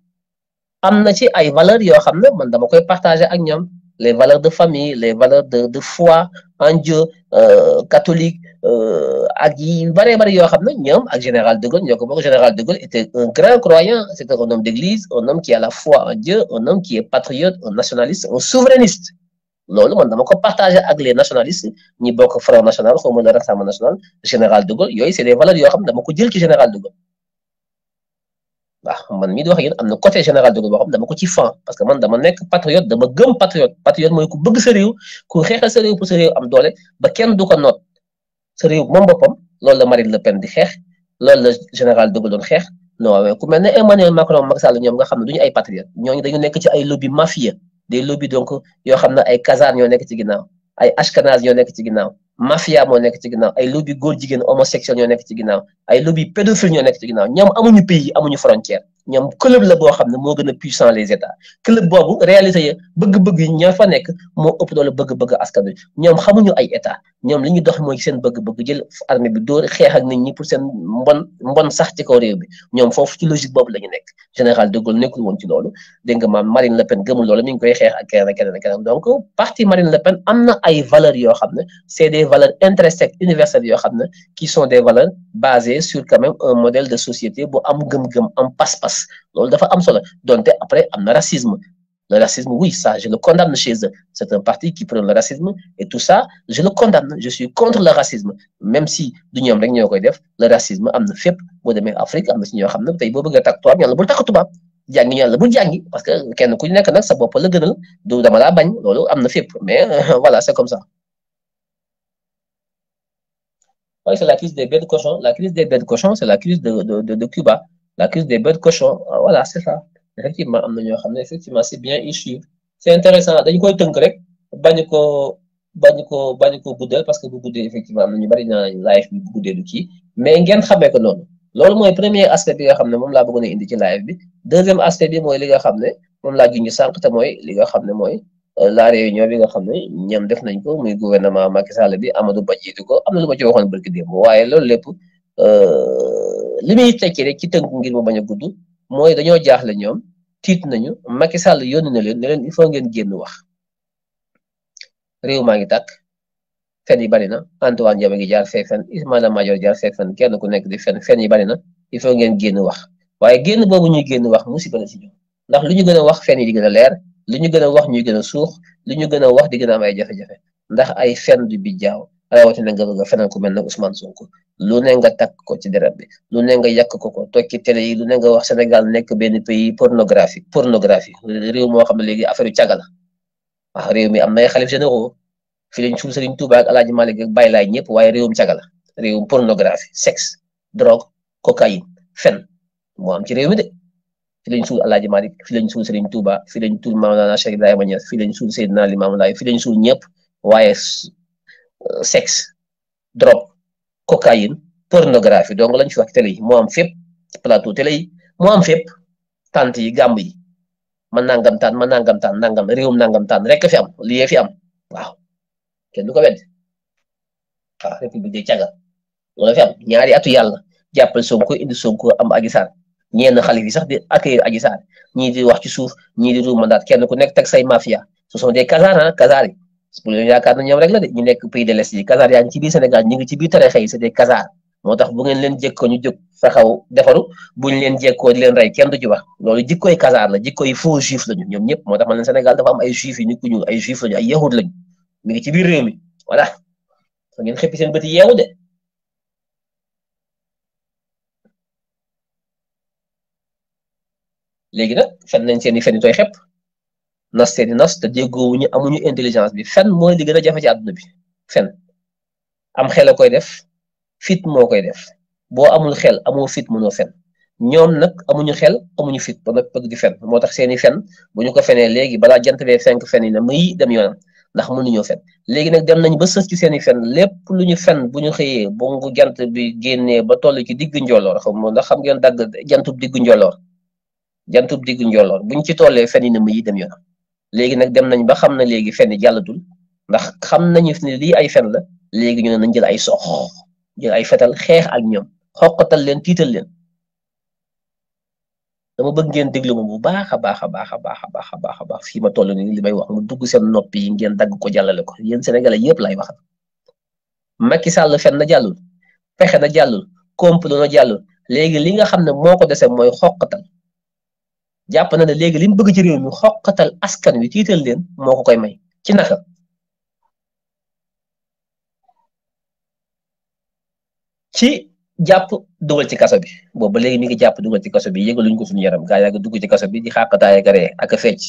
am na ci ay valeurs yoo xam ne man dama koy partager ak ñoom les valeurs de famille les valeurs de de foi en Dieu euh, catholique euh, ak yi bare bare yoo xam ne ñoom ak général de Gaulle ñoo ko bokk général de Gaulle était un grand croyant c'était un homme d'église un homme qui a la foi en Dieu un homme qui est patriote un nationaliste un souverainiste loolu man dama ko partagé ak les nationalistes ñi bokk Front National xaw ma ne Rassemblement National général de Gaulle yooyu c'est des valeurs yoo xam dama ko jël ci général de Gaulle waaw man mii di wax yéen am na côté général de Gaulle boo xam dama ko ci fan parce que man dama nekk patriote dama gëm patriote patriote mooy ku bëgg sa ku xeexal sa pour sa am doole ba kenn du ko noot sa réew moom boppam loolu la Marine Le Pen di xeex loolu la général de Gaulle doon xeex non ku mel ne Emmanuel Macron Macky Sall ñoom nga des lobbies donc yoo xam ne ay Khazars ñoo nekk ci ginnaaw ay Ashkenaz ñoo nekk ci ginnaaw mafia moo nekk ci ginnaaw ay lobby góor jigéen homosexuel ñoo nekk ci ginnaaw ay lobby pédophile ñoo nekk ci ginnaaw ñoom amuñu pays amuñu frontière ñoom club la boo xam ne moo gën a puissant les états club boobu réalité ya bëgg-bëgg yi ña fa nekk moo ëpp doole bëgg-bëgg askan wi ñoom xamuñu ay état ñoom li ñu dox mooy seen bëgg-bëgg jël armée bi dóor xeex ak nit ñi pour seen mbon mbon sax ti kaw réew bi ñoom foofu ci logique boobu la ñu nekk général de Gaulle nekkul woon ci loolu dégg nga maam Marine Le Pen gëmul loolu mi ngi koy xeex ak keneen a keneen ak keneen donc parti Marine Le Pen am na ay valeurs yoo xam ne c'est des valeurs intrinsèques universelles yoo xam ne qui sont des valeurs basées sur am gëm-gëm am race dafa am solo donte après am racisme le racisme oui ça je le condamne chez eux c'est un parti qui prend le racisme et tout ça je le condamne je suis contre le racisme même si du ñoom rek def le racisme am na fépp boo demee Afrique am na si ñoo xam ne tey boo bëgg a takk tubaab yàlla bul takk tubaab jàngi ñaan la parce que kenn ku nek nak sa bopp la gënal du dama la bañ loolu amna na mais voilà c'est comme ça. Oui, c'est la crise des bêtes cochons. La crise des bêtes cochons, c'est la crise de, de, de, de Cuba la crise des bêtes cochons ah, voilà c'est ça effectivement am ñoo xam ne effectivement c'est bien ils c'est intéressant dañu koy tënk rek bañu ko bañu ko bañu ko guddal parce que bu guddee effectivement am na ñu bari naa live bi bu guddee du kii mais ngeen xamee que noonu loolu mooy premier aspect bi nga xam ne moom laa indi ci live bi deuxième aspect bi mooy li nga xam ne moom laa junj sànq te mooy li nga xam ne euh, la réunion bi nga xamné ñam def nañ ko muy gouvernement Macky Sall bi Amadou Ba jiitu ko am na lu ma ci waxoon barki dem waye loolu lepp Euh, li muy tekki rek ci tënk ngir mu bañ a gudd mooy dañoo jaaxle ñoom tiit nañu Macky Sall yónni na leen ne leen il faut ngeen génn wax réew maa ngi tàkk fen yi bari na Antoine Diome gi jaar fee fen Ismaïla Madior jaar fee fen kenn ku nekk di fen fen yi bari na il faut ngeen génn wax waaye génn boobu ñuy génn wax musiba la ci ñoom ndax li ñu gën a wax fen yi di gën a leer li ñu gën a wax ñuy gën a suux li ñu gën a wax di gën a am ay jafe-jafe ndax ay fen di bi jaaw rawatina nga bëgg a fenal ko ko ko tokki télé yi lu ne nga wax nekk benn pays pornographique pornographie réew moo xam ne léegi affaire yu càgg la waaw réew mi am nay xalif généraux fi lañ suul Serigne Touba ak Alaaji Malik ak Baye Laay ñëpp waaye réewum càgg la réewum pornographie sexe drogue cocaïne fen moo am ci réew mi de fi lañ suul Alaaji Malik fi lañ suul Serigne Touba fi lañ suul Maolana Cheikh Ibrahima Niass fi lañ suul Seydina Limaamu Laay fi lañ suul ñëpp waaye sexe drogue cocaïne pornographie donc lañ fi wax télé yi moo am fépp plateau télé yi moo am fépp tant yi gàmb yi ma nangam taan ma nangam taan nangam réewum nangam taan rek fi am liyee fi am waaw kenn du ko wedd waaw am ñaari atu yàlla jàppal Sonko indi Sonko am Adji Sarr ñenn xalif yi sax di accueillir Adji Sarr ñii di wax ci suuf ñii di ruumandaat kenn ku nekk teg say mafia ce sont des Khazars ah Spurs yaakaar na ñoom rek la de ñu nekk pays de l'Est yi Kazaar yaa ngi ci biir Sénégal ñu ngi ci biir terexe yi moo tax bu ngeen leen jékkoo ñu jóg fexaw defaru buñ leen jékkoo leen rey kenn du ci wax loolu jikkooy Kazaar la jikkooy faux juif lañu ñoom ñëpp moo tax man leen Sénégal dafa am ay juif yu nit ku ñuul ay juif lañu ay lañu mi ngi ci biir réew mi voilà so ngeen xëppi seen bëti yeewu de léegi nag fen nañ seen i fen i tooy xepp nas seeni nas te déggoowuñu amuñu intelligence bi fen mooy li gën a jafe ci àdduna bi fen am xel a koy def fit moo koy def boo amul xel amoo fit mënoo fen ñoom nag amuñu xel amuñu fit ba nag bëgg di fen moo tax seeni fen bu ñu ko fenee léegi balaa jant bee fenk fen yi na muy dem yoonam ndax mënuñoo fen léegi nag dem nañ ba sës ci seeni fen lépp lu ñu fen bu ñu xëyee bu ngu jant bi génnee ba toll ci diggu njolloor xam nga ndax xam ngeen dagg jantub diggu njolloor jantub diggu njolloor buñ ci tollee fen yi na muy dem yoonam légui nak dem nañ ba xamna légui fenn jàllatul ndax xamnañu nañu li ay fenn la légui ñu nañ jël ay sox jël ay fetal xex ak ñom xoxatal leen tital leen dama bëgg ngeen déglu ma bu baaxa baaxa baaxa baaxa baaxa baaxa baax fi ma toll ni li may wax mu dugg seen noppi yi ngeen dagg ko jàllale ko yéen sénégalais yëpp lay wax Macky Sall fenn na jàllul pexe na jàllul complot na jàllul légui li nga xamne moko déssé moy xoxatal jàpp na ne léegi li mu bëgg ci réew mi xoqatal askan wi tiital leen moo ko koy may ci naka ci jàpp dugal ci kaso bi boobu ba léegi mi ngi jàpp dugal ci kaso bi yëgaluñ ko suñu yaram gaa yaa ngi dugg ci kaso bi di xàqataay ak ak fecc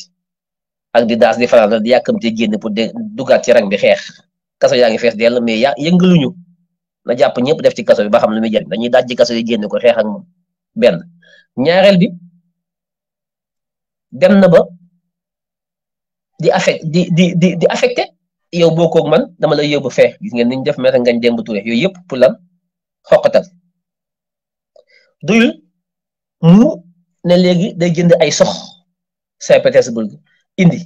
ak di daas di fanaan di yàkkamte génn pour de dugaat ci rang bi xeex kaso yaa ngi fees dell mais yaa yëngaluñu na jàpp ñëpp def ci kaso bi ba xam lu muy jëriñ dañuy daaj ci kaso yi génn ko xeex ak moom benn ñaareel bi. dem na ba di affect di di di di affecté yow boo koog man dama lay yóbbu fee gis ngeen ni ñu def mère Ngagne Demba Touré yooyu yëpp pour lan xoqatal duyul mu ne léegi day jënd ay sox Saint Petersburg indi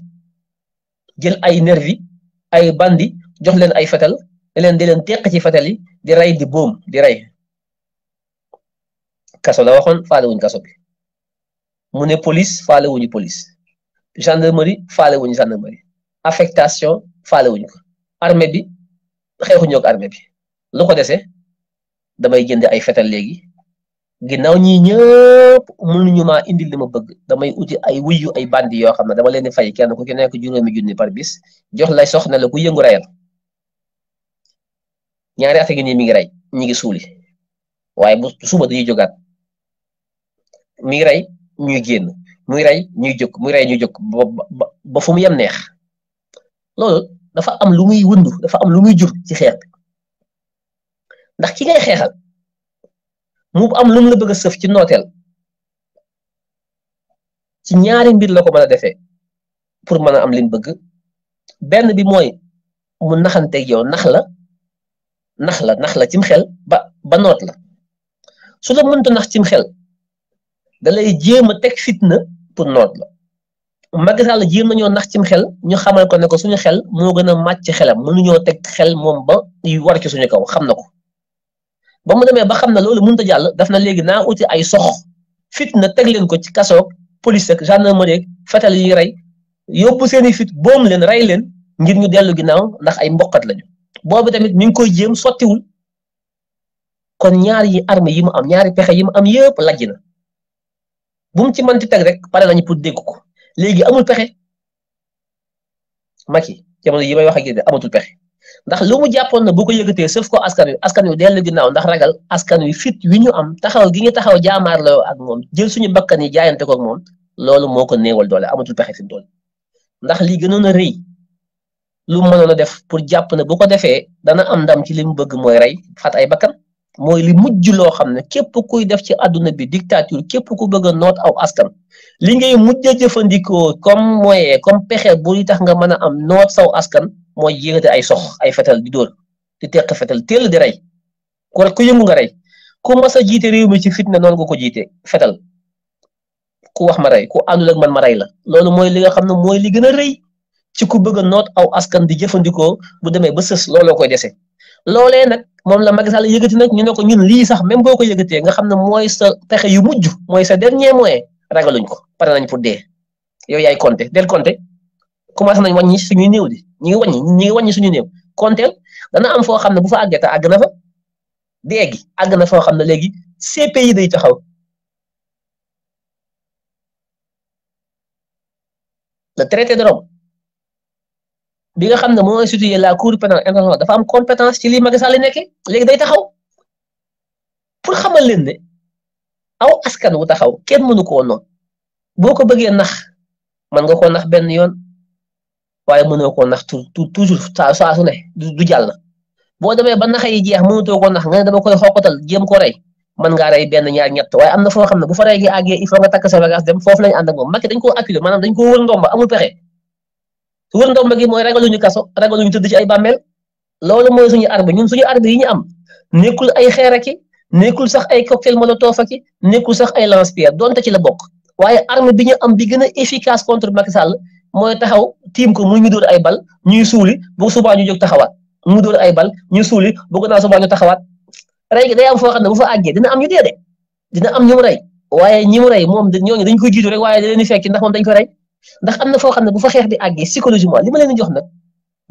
jël ay nervi ay bandi jox leen ay fetal ne leen di leen teq ci fetal yi di rey di boom di rey kaso la waxoon faale wuñ kaso bi mu ne police faale wuñu police gendarmerie faale wuñu gendarmerie affectation faale wuñu ko armée bi xeexuñoo ak armée bi lu ko dese damay jënd ay fetal léegi ginnaaw ñi ñëpp mënuñu maa indil li ma bëgg damay uti ay wuyu ay bandi yoo xam ne dama leen di fay kenn ku ci nekk mi junni par bis jox lay soxna la ku yëngu rayal ñaari at a ngi nii mi ngi rey ñi ngi suuli waaye bu suba dañuy jógaat mi ngi rey ñuy génn muy rey ñuy jóg muy rey ñuy jóg ba ba fu mu neex loolu dafa am lu muy wëndu dafa am lu muy jur ci xeex ndax ki ngay xeexal mu am lu mu la bëgg sëf ci nooteel ci ñaari mbir la ko mën a defee pour mën a am li bëgg benn bi mooy mu naxam yow nax la nax la nax la cim xel ba ba noot la su la mënta nax cim xel. da lay jéem a teg fitna pour noot la Macky Sall jéem nañoo nax cim xel ñu xamal ko ne ko suñu xel moo gën a màcc xelam mënuñoo teg xel moom ba yu war ci suñu kaw xam na ko ba mu demee ba xam na loolu mënut a jàll daf na léegi naa uti ay sox fitna teg leen ko ci kasoog police ak gendarmerie ak fetal yi rey yóbbu seeni fit boom leen rey leen ngir ñu dellu ginnaaw ndax ay mboqat lañu boobu tamit mi ngi koy jéem sottiwul kon ñaar yi arme yi mu am ñaari pexe yi mu am yëpp lajj na bu mu ci mënti teg rek pare nañu pour dégg ko léegi amul pexe Macky jamono yi may wax ak yéen amatul pexe ndax lu mu jàppoon na bu ko yëkkatee sëf ko askan wi askan wi dellu ginnaaw ndax ragal askan wi fit wi ñu am taxaw gi ñu taxaw jaamaar la ak moom jël suñu bakkan yi jaayante ko moom loolu moo ko néewal doole amatul pexe fi doole ndax lii gënoon a rëy lu mu mënoon def pour jàpp ne bu ko defee dana am ndam ci li mu bëgg mooy rey faat ay bakkan. mooy li mujj loo xam ne képp kuy def ci àdduna bi dictature képp ku bëgg noot aw askan li ngay mujj a jëfandikoo comme moyen comme pexe bu tax nga mën a am noot saw askan mooy yéegate ay sox ay fetal di dóor di teq fetal teel di rey ku rek ku nga rey ku mas a jiite réew mi ci fitna noonu nga ko jiitee fetal ku wax ma rey ku àndul ak man ma rey la loolu mooy li nga xam ne mooy li gën a rëy ci ku bëgg noot aw askan di jëfandikoo bu demee ba sës looloo koy dese. loolee nag moom la Macky Sall yëgati nag ñu ne ko ñun lii sax même boo ko yëgatee nga xam ne mooy sa texe yu mujj mooy sa dernier moyen ragaluñ ko pare nañ pour dee yow yaay compter del compter commencé nañ wàññi suñuy néew di ñu ngi wàññi ñu ngi wàññi suñuy néew compter dana am foo xam ne bu fa àggee te àgg na fa dee gi àgg na foo xam ne léegi CPI day taxaw la traité de bi nga xam ne moo institué la cour pénale internationale eh, dafa am compétence ci lii Macky Sall nekkee léegi day taxaw pour xamal leen ne aw askan wu taxaw kenn mënu koo noon boo ko bëggee nax mën nga koo nax benn yoon waaye mënoo koo nax toujours saa su ne du jàll boo demee ba naxa yi jeex mënutoo koo nax nga ne dama koy xookatal jéem ko rey mën ngaa rey benn ñaar ñett waaye am na foo xam ne bu fa gi àggee il faut nga takk sa dem foofu lañu ànd ak wër ndomb gi mooy ragaluñu kaso ay bàmmeel loolu mooy suñu arme ñun ñu am nekkul ay xeer ak i nekkul sax ay cocktail molotov ak i nekkul sax ay lance-pierre ci la bokk waaye arme bi ñu am bi gën a efficace contre Macky Sall mooy taxaw tiim ko mu ñu dóor ay bal ñuy suuli bu subaa ñu jóg taxawaat mu dóor ay bal ñu suuli bu gannaaw subaa ñu taxawaat rey gi day am foo xam ne bu fa àggee dina am ñu dee de dina am ñu mu rey waaye ñi mu rey moom ñooñu dañ ko jiitu rek waaye da leen fekki ndax moom dañ ko rey. ndax amna fo xamne bu fa xex di agge psychologiquement li ma leen jox nak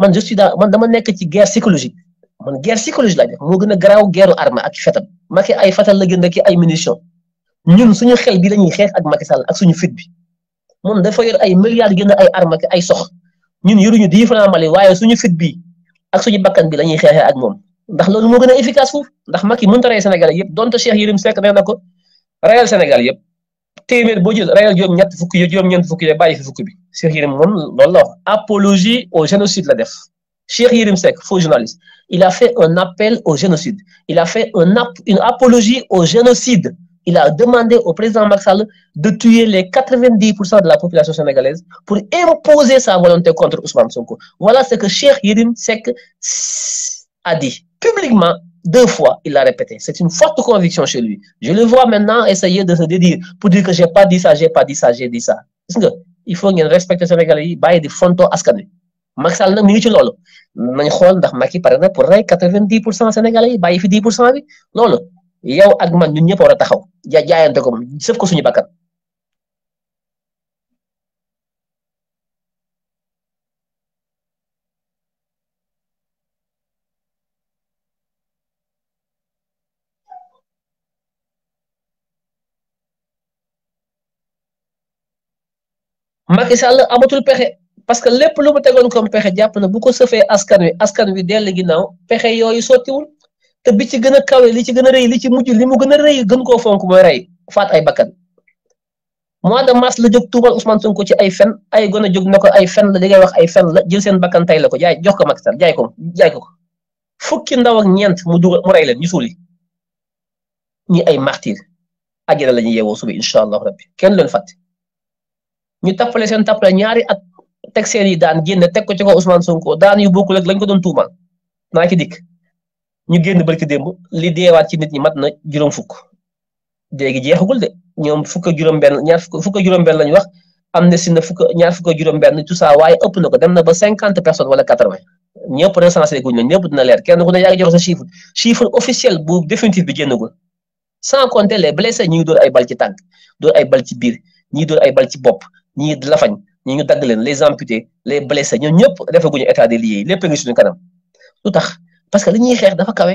man je suis dans man dama nek ci guerre psychologique man guerre psychologique la def mo gëna graw guerre arme ak fetal Macky ay fetal la gën a ay munition ñun suñu xel bi lañuy xex ak Macky Sall ak suñu fit bi moom dafa yor ay milliards gën ay arme ak ay sox ñun yoruñu dix francs Mali waye suñu fit bi ak suñu bakkan bi lañuy xexé ak mom ndax lolu mo gëna efficace fu ndax Macky mënta rey Sénégal yëpp donte Cheikh Yérim Sek nee na ko reyal Sénégal yëpp apologie au génocide la def Cheikh faux journaliste il a fait un appel au génocide il a fait un une apologie au génocide il a demandé au président Macky de tuer les 90% de la population sénégalaise pour imposer sa volonté contre Ousmane Sonko voilà ce que Cheikh Yérim Seck a dit publiquement deux fois, il l'a répété. C'est une forte conviction chez lui. Je le vois maintenant essayer de se dédire pour dire que j'ai pas dit ça, j'ai pas dit ça, j'ai dit ça. il faut ngeen respecter Sénégalais yi de di fonto askan wi Macky Sall nag mi ngi ci loolu nañ xool ndax Macky pare na pour 90% des Sénégalais yi bàyyi fi dix pour cent bi loolu yow ak man ñun ñëpp war a taxaw jaayante ko moom ko suñu Macky Sall amatul pexe parce que lépp lu mu tegoon comme pexe jàpp na bu ko sëfee askan wi askan wi dell ginnaaw pexe yooyu sottiwul te bi ci gën a kawe li ci gën a rëy li ci mujj li mu gën a rëy gën koo fonk mooy rey faat ay bakkan mois de mars la jóg tuumal Ousmane ko ci ay fen ay gone jóg na ko ay fen la li ngay wax ay fen la jël seen bakkan tey la ko jaay jox ko Macky Sall jaay ko jaay ko fukki ndaw ak ñeent mu dugal mu rey leen ñu suuli ñi ay martyr àjjana la ñuy yeewoo suba incha allah rabbi kenn leen fàtte. ñu tappale seen tappale ñaari at teg seen daan génn teg ko ci ko Ousmane Sonko daan yu bokkul ak lañ ko doon tuumal naa ci dikk ñu génn barki démb li deewaat ci nit ñi mat na juróom fukk léegi jeexagul de ñoom fukk juróom benn ñaar fukk juróom benn lañu wax am na si na fukk ñaar fukk juróom benn tout ça waaye ëpp na ko dem na ba cinquante personnes wala quatre-vingt ñëpp recensé guñ ñëpp dina leer kenn ku ne yaa ngi joxe sa chiffre chiffre officiel bu définitif bi génnagul sans compter les blessés ngi dóor ay bal ci tànk dóor ay bal ci biir ñu dóor ay bal ci bopp ñii lafañ ñi ñu dagg leen les amputés les blessés ñoom ñëpp defaguñu état des lieux yi lépp ngi suñu kanam lu tax parce que li ñuy xeex dafa kawe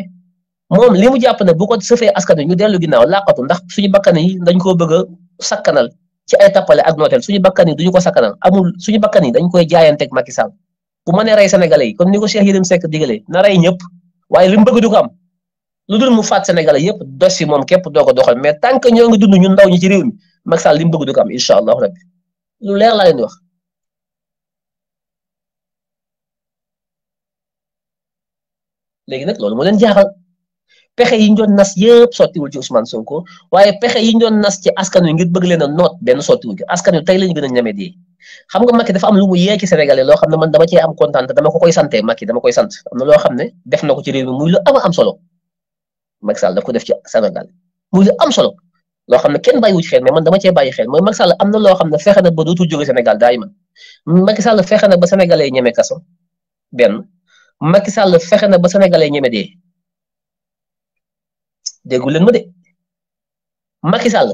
moom li mu jàpp ne bu ko sëfee askan ñu dellu naaw làqatu ndax suñu bakkan yi dañ koo bëgg a sakkanal ci ay tappale ak nooteel suñu bakkan yi duñu ko sakkanal amul suñu bakkan yi dañ koy jaayanteeg Macky Sall bu mënee rey sénégalais yi comme ni ko Cheikh Yérim Seck digalee na rey ñëpp waaye li mu bëgg du ko am lu dul mu faat sénégalais yëpp dos si moom tant que ñoo ngi ndaw ñi ci réew mi li mu bëgg du ko lu leer laa leen wax léegi nag loolu moo leen jaaxal pexe yi ñu doon nas yëpp sottiwul ci Ousmane Sonko waaye pexe yi ñu doon nas ci askan wi ngir bëgg leen a noot benn sottiwul ci askan wi tey lañu gën a ñame dee xam nga Macky dafa am lu mu yee senegale loo xam ne man dama cee am kontaan dama ko koy sante Macky dama koy sant am na loo xam ne def na ci réew muy lu am am solo Macky Sall daf ko def ci Sénégal muy lu am solo loo xam ne kenn bàyyiwu ci xel mais man dama cee bàyyi xel mooy Macky am na loo xam ne fexe na ba dootul jóge Sénégal daay ma Macky Sall fexe na ba sénégalais ñeme kaso benn Macky fexe na ba sénégalais ñeme de déggu leen ma de Macky Sall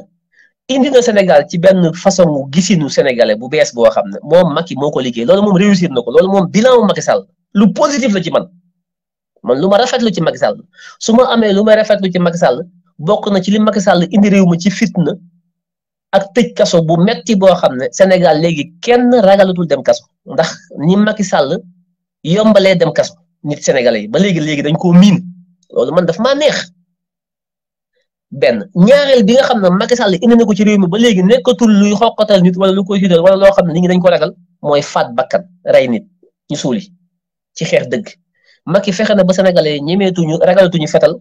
indi na Sénégal ci benn façon gisinu senegal bu bees boo xam ne moom Macky moo ko liggéey loolu moom réussir na ko loolu moom bilan Macky Sall lu positif la ci man man lu ma rafetlu ci Macky Sall su ma amee lu may rafetlu ci Macky Sall bokk na ci li Macky Sall indi réew mi ci na ak tëj kaso bu metti boo xam ne Sénégal léegi kenn ragalatul dem kaso ndax ni Macky Sall yombalee dem kaso nit Sénégalais yi ba léegi léegi dañ koo miin loolu man daf maa neex benn ñaareel bi nga xam ne Macky Sall indi na ko ci réew mi ba léegi nekkatul luy xoqatal nit wala lu koy xiital wala loo xam ne nit ñi dañ ko ragal mooy faat bakkan rey nit ñu suuli ci xeex dëgg Macky fexe na ba Sénégalais ñemeetuñu ragalatuñu fetal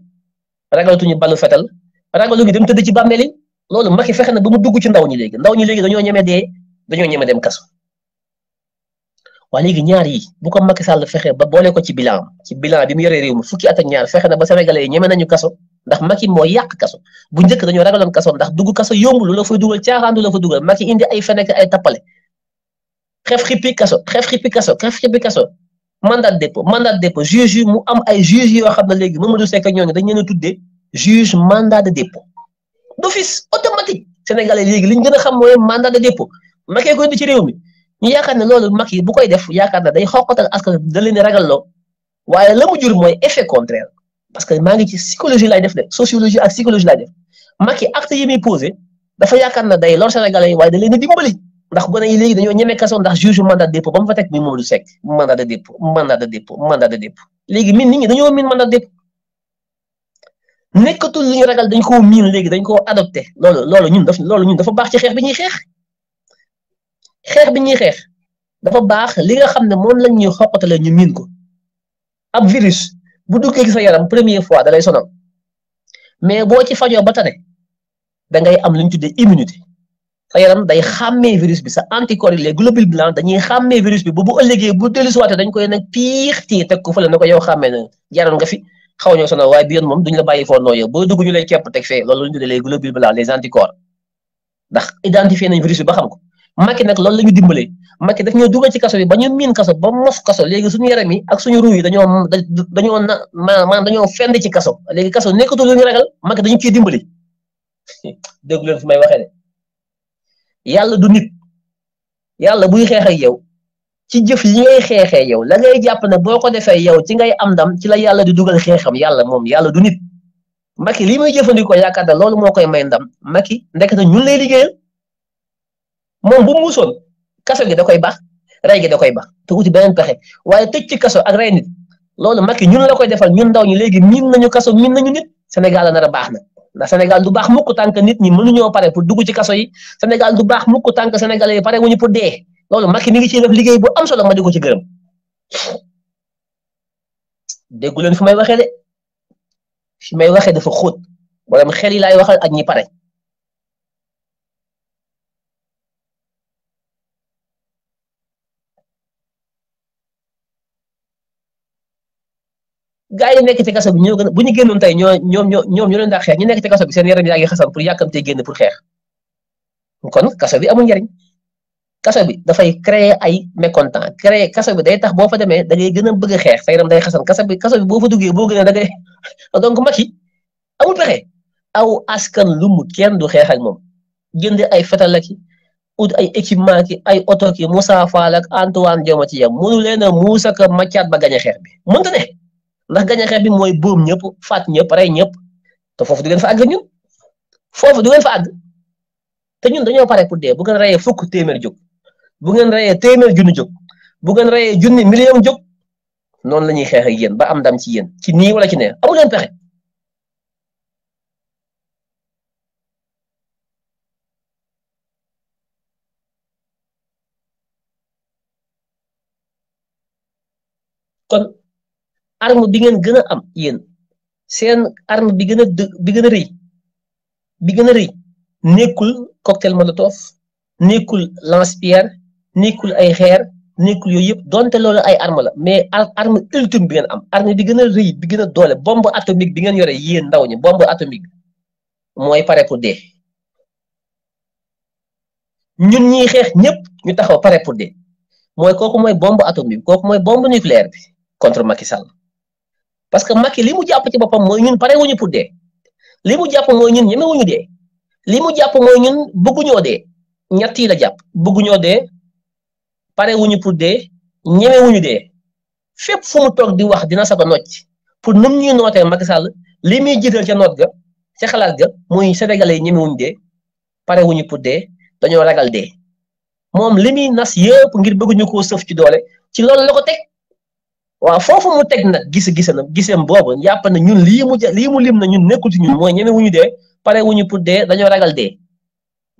ragalatuñu balu fetal ragalu gi dem tëdd ci bàmmeel yi loolu Macky fexe na ba mu dugg ci ndaw ñi léegi ndaw ñi léegi dañoo ñeme dee dañoo ñeme dem kaso waa léegi ñaar yi bu ko Macky Sall fexe ba boole ko ci bilan ci bilan bi mu yoree réew mi fukki at ñaar fexe na ba sénégalais yi ñeme nañu kaso ndax Macky moo yàq kaso bu njëkk dañoo ragaloon kaso ndax dugg kaso yomb lu la fay dugal caaxaan lu la fa dugal Macky indi ay fenekk ay tappale xef xippi kaso xef xippi kaso xef xippi kaso mandat de dépôt mandat de dépôt juge mu am ay juge yo xamna ne léegi Mamadou Seck ñooñu dañ leen tuddé juge mandat de dépôt d'office automatique sénégalais léegi liñu gëna xam moy mandat de dépôt Macky ko indi ci réew mi ñu yaakaar ne loolu yi bu koy def yaakaar na day xoqatal askan da leen ragal lo waye lamu jur moy effet contraire parce que ma ngi ci psychologie lay def de sociologie ak psychologie lay def Macky acte yi muy posé dafa yaakaar na day lor sénégalais waye da leen a dimbali. ndax gone léegi dañoo ñeme kaso ndax juge mandat de dépôt ba mu fa teg muy Modou Seck mandat de dépôt mandat de dépôt mandat de léegi min nit ñi dañoo miin mandat de dépôt nekkatul li ragal dañ koo miin léegi dañ koo adopté loolu ñun daf loolu ñun dafa baax ci xeex bi ñuy xeex xeex bi ñuy xeex dafa baax li nga xam ne moom lañ ñuy xoqatale ñu miin ko ab virus bu duggee ci sa yaram premier fois da lay sonal mais boo ci fajoo ba tane da ngay am lu ñu tuddee immunité. sa yaram day xàmmee virus bi sa anticorps yi les globules blancs dañuy xàmmee virus bi bu bu ëllëgee bu dellusiwaatee dañ koy nag piix téye teg ko fële na ko yow xàmmee na jaaroon nga fi xaw ñoo waaye bi yoon moom duñu la bàyyi foo nooyee boo dugg ñu lay képp teg fee nañ virus bi xam ko Macky nag loolu la ñu dimbalee Macky daf ñoo dugal ci kaso bi ba ñu miin kaso ba mos kaso léegi suñu yaram yi ak suñu ruu yi dañoo dañoo na maanaam dañoo fend ci kaso léegi kaso nekkatul lu ñu ragal Macky dañu ciy dimbali dégg leen fi may waxee yàlla du nit yàlla buy xeex ak yow ci jëf li ngay xeexee yow la ngay jàpp ne boo ko defee yow ci ngay am ndam ci la yàlla di dugal xeexam yàlla moom yàlla du nit Macky li muy jëfandikoo yaakaar ne loolu moo koy may ndam Macky ndekete ñun lay liggéeyal moom bu muusoon kaso gi da koy baax rey gi da koy baax te uti beneen pexe waaye tëj ci kaso ak rey nit loolu Macky ñun la koy defal ñun ndaw ñi léegi miin nañu kaso miin nañu nit Sénégal la a baax na ndax Sénégal du baax mukk tànk nit ñi mënuñoo pare pour dugg ci kaso yi Sénégal du baax mukk tànk sénégalais yi pare wuñu pour dee loolu Macky mi ngi ciy def liggéey bu am solo ma di ko ci gërëm déggu leen fi may waxee de fi may waxee dafa xóot borom xel laay waxal ak ñi pare. gaa yi nekk ci kaso ñoo gën a bu ñu génnoon tey ñoo ñoom ñoo ñoom ñoo leen daa xeex ñu nekk ci seen yaram yaa ngi xasan pour yàkkamtee génn pour xeex kon kaso bi amul njariñ kaso bi dafay créer ay mécontent créer kaso bi day tax boo fa demee da ngay gën a bëgg a xeex sa day xasan kaso bi kaso bi boo fa duggee boo gën a da ngay donc Macky amul pexe aw askan lu mu kenn du xeex ak moom jënd ay fetal la ut ay équipement ki ay oto ki Moussa Fall ak Antoine Diome ci yam mënu leen a muusaka maccaat ba gañ a xeex bi mënta ndax gañe xeex bi mooy boom ñëpp faat ñëpp rey ñëpp te foofu du ngeen fa ñun foofu du ngeen fa àgg te ñun dañoo pare pour dee bu ngeen reyee fukk téeméer jóg bu ngeen reyee téeméer junni jóg bu ngeen reyee junni million jóg noonu la ñuy xeex ak yéen ba am dam ci yéen ci nii wala ci ne amu leen pexe arme bi ngeen gën a am yéen seen arme bi gën a bi gën a rëy bi gën a rëy nekkul cocktail molotov nekkul lance-pierre nekkul ay xeer nekkul yooyu yëpp donte loolu ay arme la mais arme ultime bi ngeen am arme bi gën a rëy bi gën a doole bomb atomique bi ngeen yore yéen ndaw ñi bombe atomique mooy pare pour dee ñun ñiy xeex ñëpp ñu taxaw pare pour dee mooy kooku mooy bombe atomique bi kooku mooy bombe nucléaire bi contre Macky Sall parce que Macky li mu jàpp ci boppam mooy ñun pare wuñu pour dee li mu jàpp mooy ñun ñemewuñu dee li mu jàpp mooy ñun bëgguñoo dee ñett la jàpp bëgguñoo dee pare wuñu pour dee ñemewuñu dee fépp fu toog di wax dina saba nocc pour num ñuy nootee Macky Sall li muy jiital ca noot ga ca xalaat ga muy sénégalais yi ñemewuñu dee pare wuñu pour dee dañoo ragal dee moom li muy nas yëpp ngir bëgguñu koo sëf ci doole ci loolu la ko teg waaw foofu mu teg nag gis gisana gisam boobu jàpp na ñun lii mu lii mu lim na ñun nekkul ci ñun mooy ñeme ñu dee pare ñu pour dee dañoo ragal dee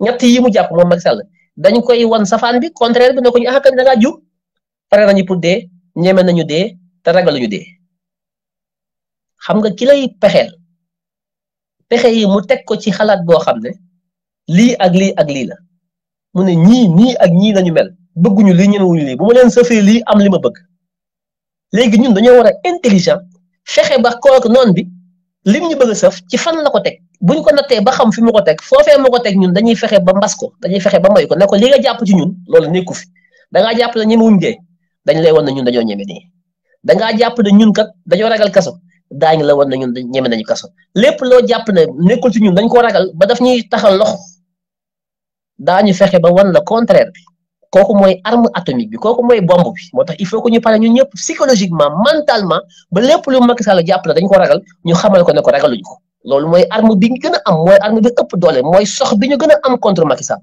ñetti yi mu jàpp moom Macky Sall dañ koy wan safaan bi contraire bi ne ñu axakani ah da ngaa jub pare nañu pour dee ñeme nañu dee te ragaluñu dee xam nga ki lay pexeel pexe yi mu teg ko ci xalaat boo xam ne lii ak lii ak lii la mu ne ñii nii ak ñii lañu mel bëgguñu lii ñemewuñu lii bu ma leen sëfee lii am li ma bëgg léegi ñun dañoo war a intelligent fexe ba kooku noonu bi lim ñu bëgg a saf ci fan la ko teg buñ ko nattee ba xam fi mu ko teg foofee mu ko teg ñun dañuy fexe ba mbas ko dañuy fexe ba may ko ne ko li nga jàpp ci ñun loolu nekku fi da ngaa jàpp ne wuñ dee dañ lay wan ñun dañoo ñeme dee da ngaa ñun kat dañoo ragal kaso daañu la wan ne ñun ñeme nañu kaso lépp loo jàpp ne nekkul ci ñun dañ ko ragal ba daf ñuy taxal loxo daañu fexe ba wan la contraire bi. kooku mooy arme atomique bi kooku mooy bomb bi moo tax il faut que ñu pare ñu ñëpp psychologiquement mentalement ba lépp lu Macky Sall jàpp na dañ ko ragal ñu xamal ko ne ko ragaluñu ko loolu mooy arme bi ñu gën a am mooy arme bi ëpp doole mooy sox bi ñu gën a am contre Macky Sall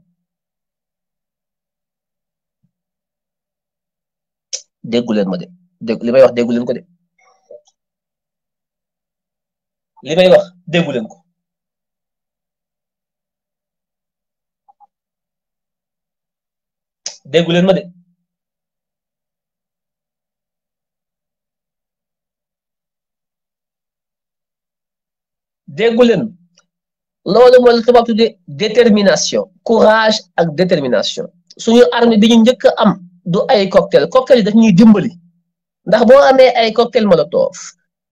leen ma de dégg li may wax déggu leen ko de li may wax déggu leen ko. déggu leen ma de déggu leen loolu mooy li tubaab détermination courage ak détermination suñu armée bi ñu njëkk a am du ay cocktail cocktail yi daf ñuy dimbali ndax boo amee ay cocktail molotov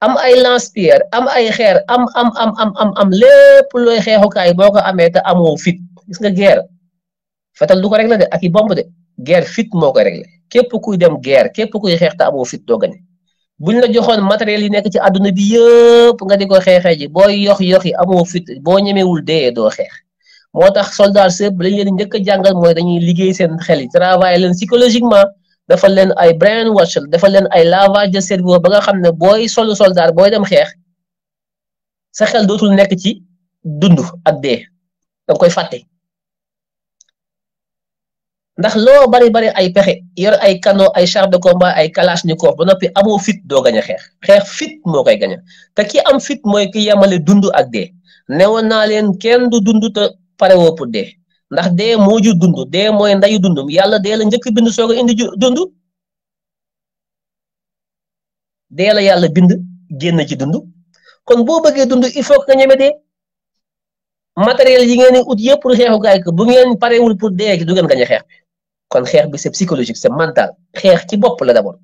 am ay lance am ay xeer am am am am am am lépp looy xeexukaay boo ko amee te amoo fit gis nga guerre fetal du ko rek la de ak i bomb de guerre fit moo koy réglé képp kuy dem guerre képp kuy xeex te amoo fit doo gane buñ la joxoon matériel yi nekk ci àdduna bi yëpp nga di ko xeexee ji boo yox yoxi amoo fit boo ñemewul dee doo xeex moo tax soldat sëb lañ leen njëkk a jàngal mooy dañuy liggéey seen xel yi travailler leen psychologiquement dafa leen ay brainwash dafa leen ay lavage de cerveau ba nga xam ne booy solu soldat booy dem xeex sa xel dootul nekk ci dund ak dee danga koy fàtte ndax loo bari bari ay pexe yor ay kano ay char de combat ay kalachnikov ba noppi amoo fit doo gañ a xeex xeex fit moo koy gañ a te ki am fit mooy ki yemale dund ak dee newoon naa leen kenn du dund ta parewoo pour dee ndax dee moo ju dund dee mooy ndayu dund yàlla dee la njëkk bind soog indi dund dee la yàlla bind génn ci dund kon boo bëggee dund il faut que nga ñeme matériel yi ngeen di ut yëpp pour xeexukaay ko bu ngeen parewul pour dee du ngeen gañ xeex bi kon xeex bi c'est psychologique c'est mental xeex ci bopp la d'abord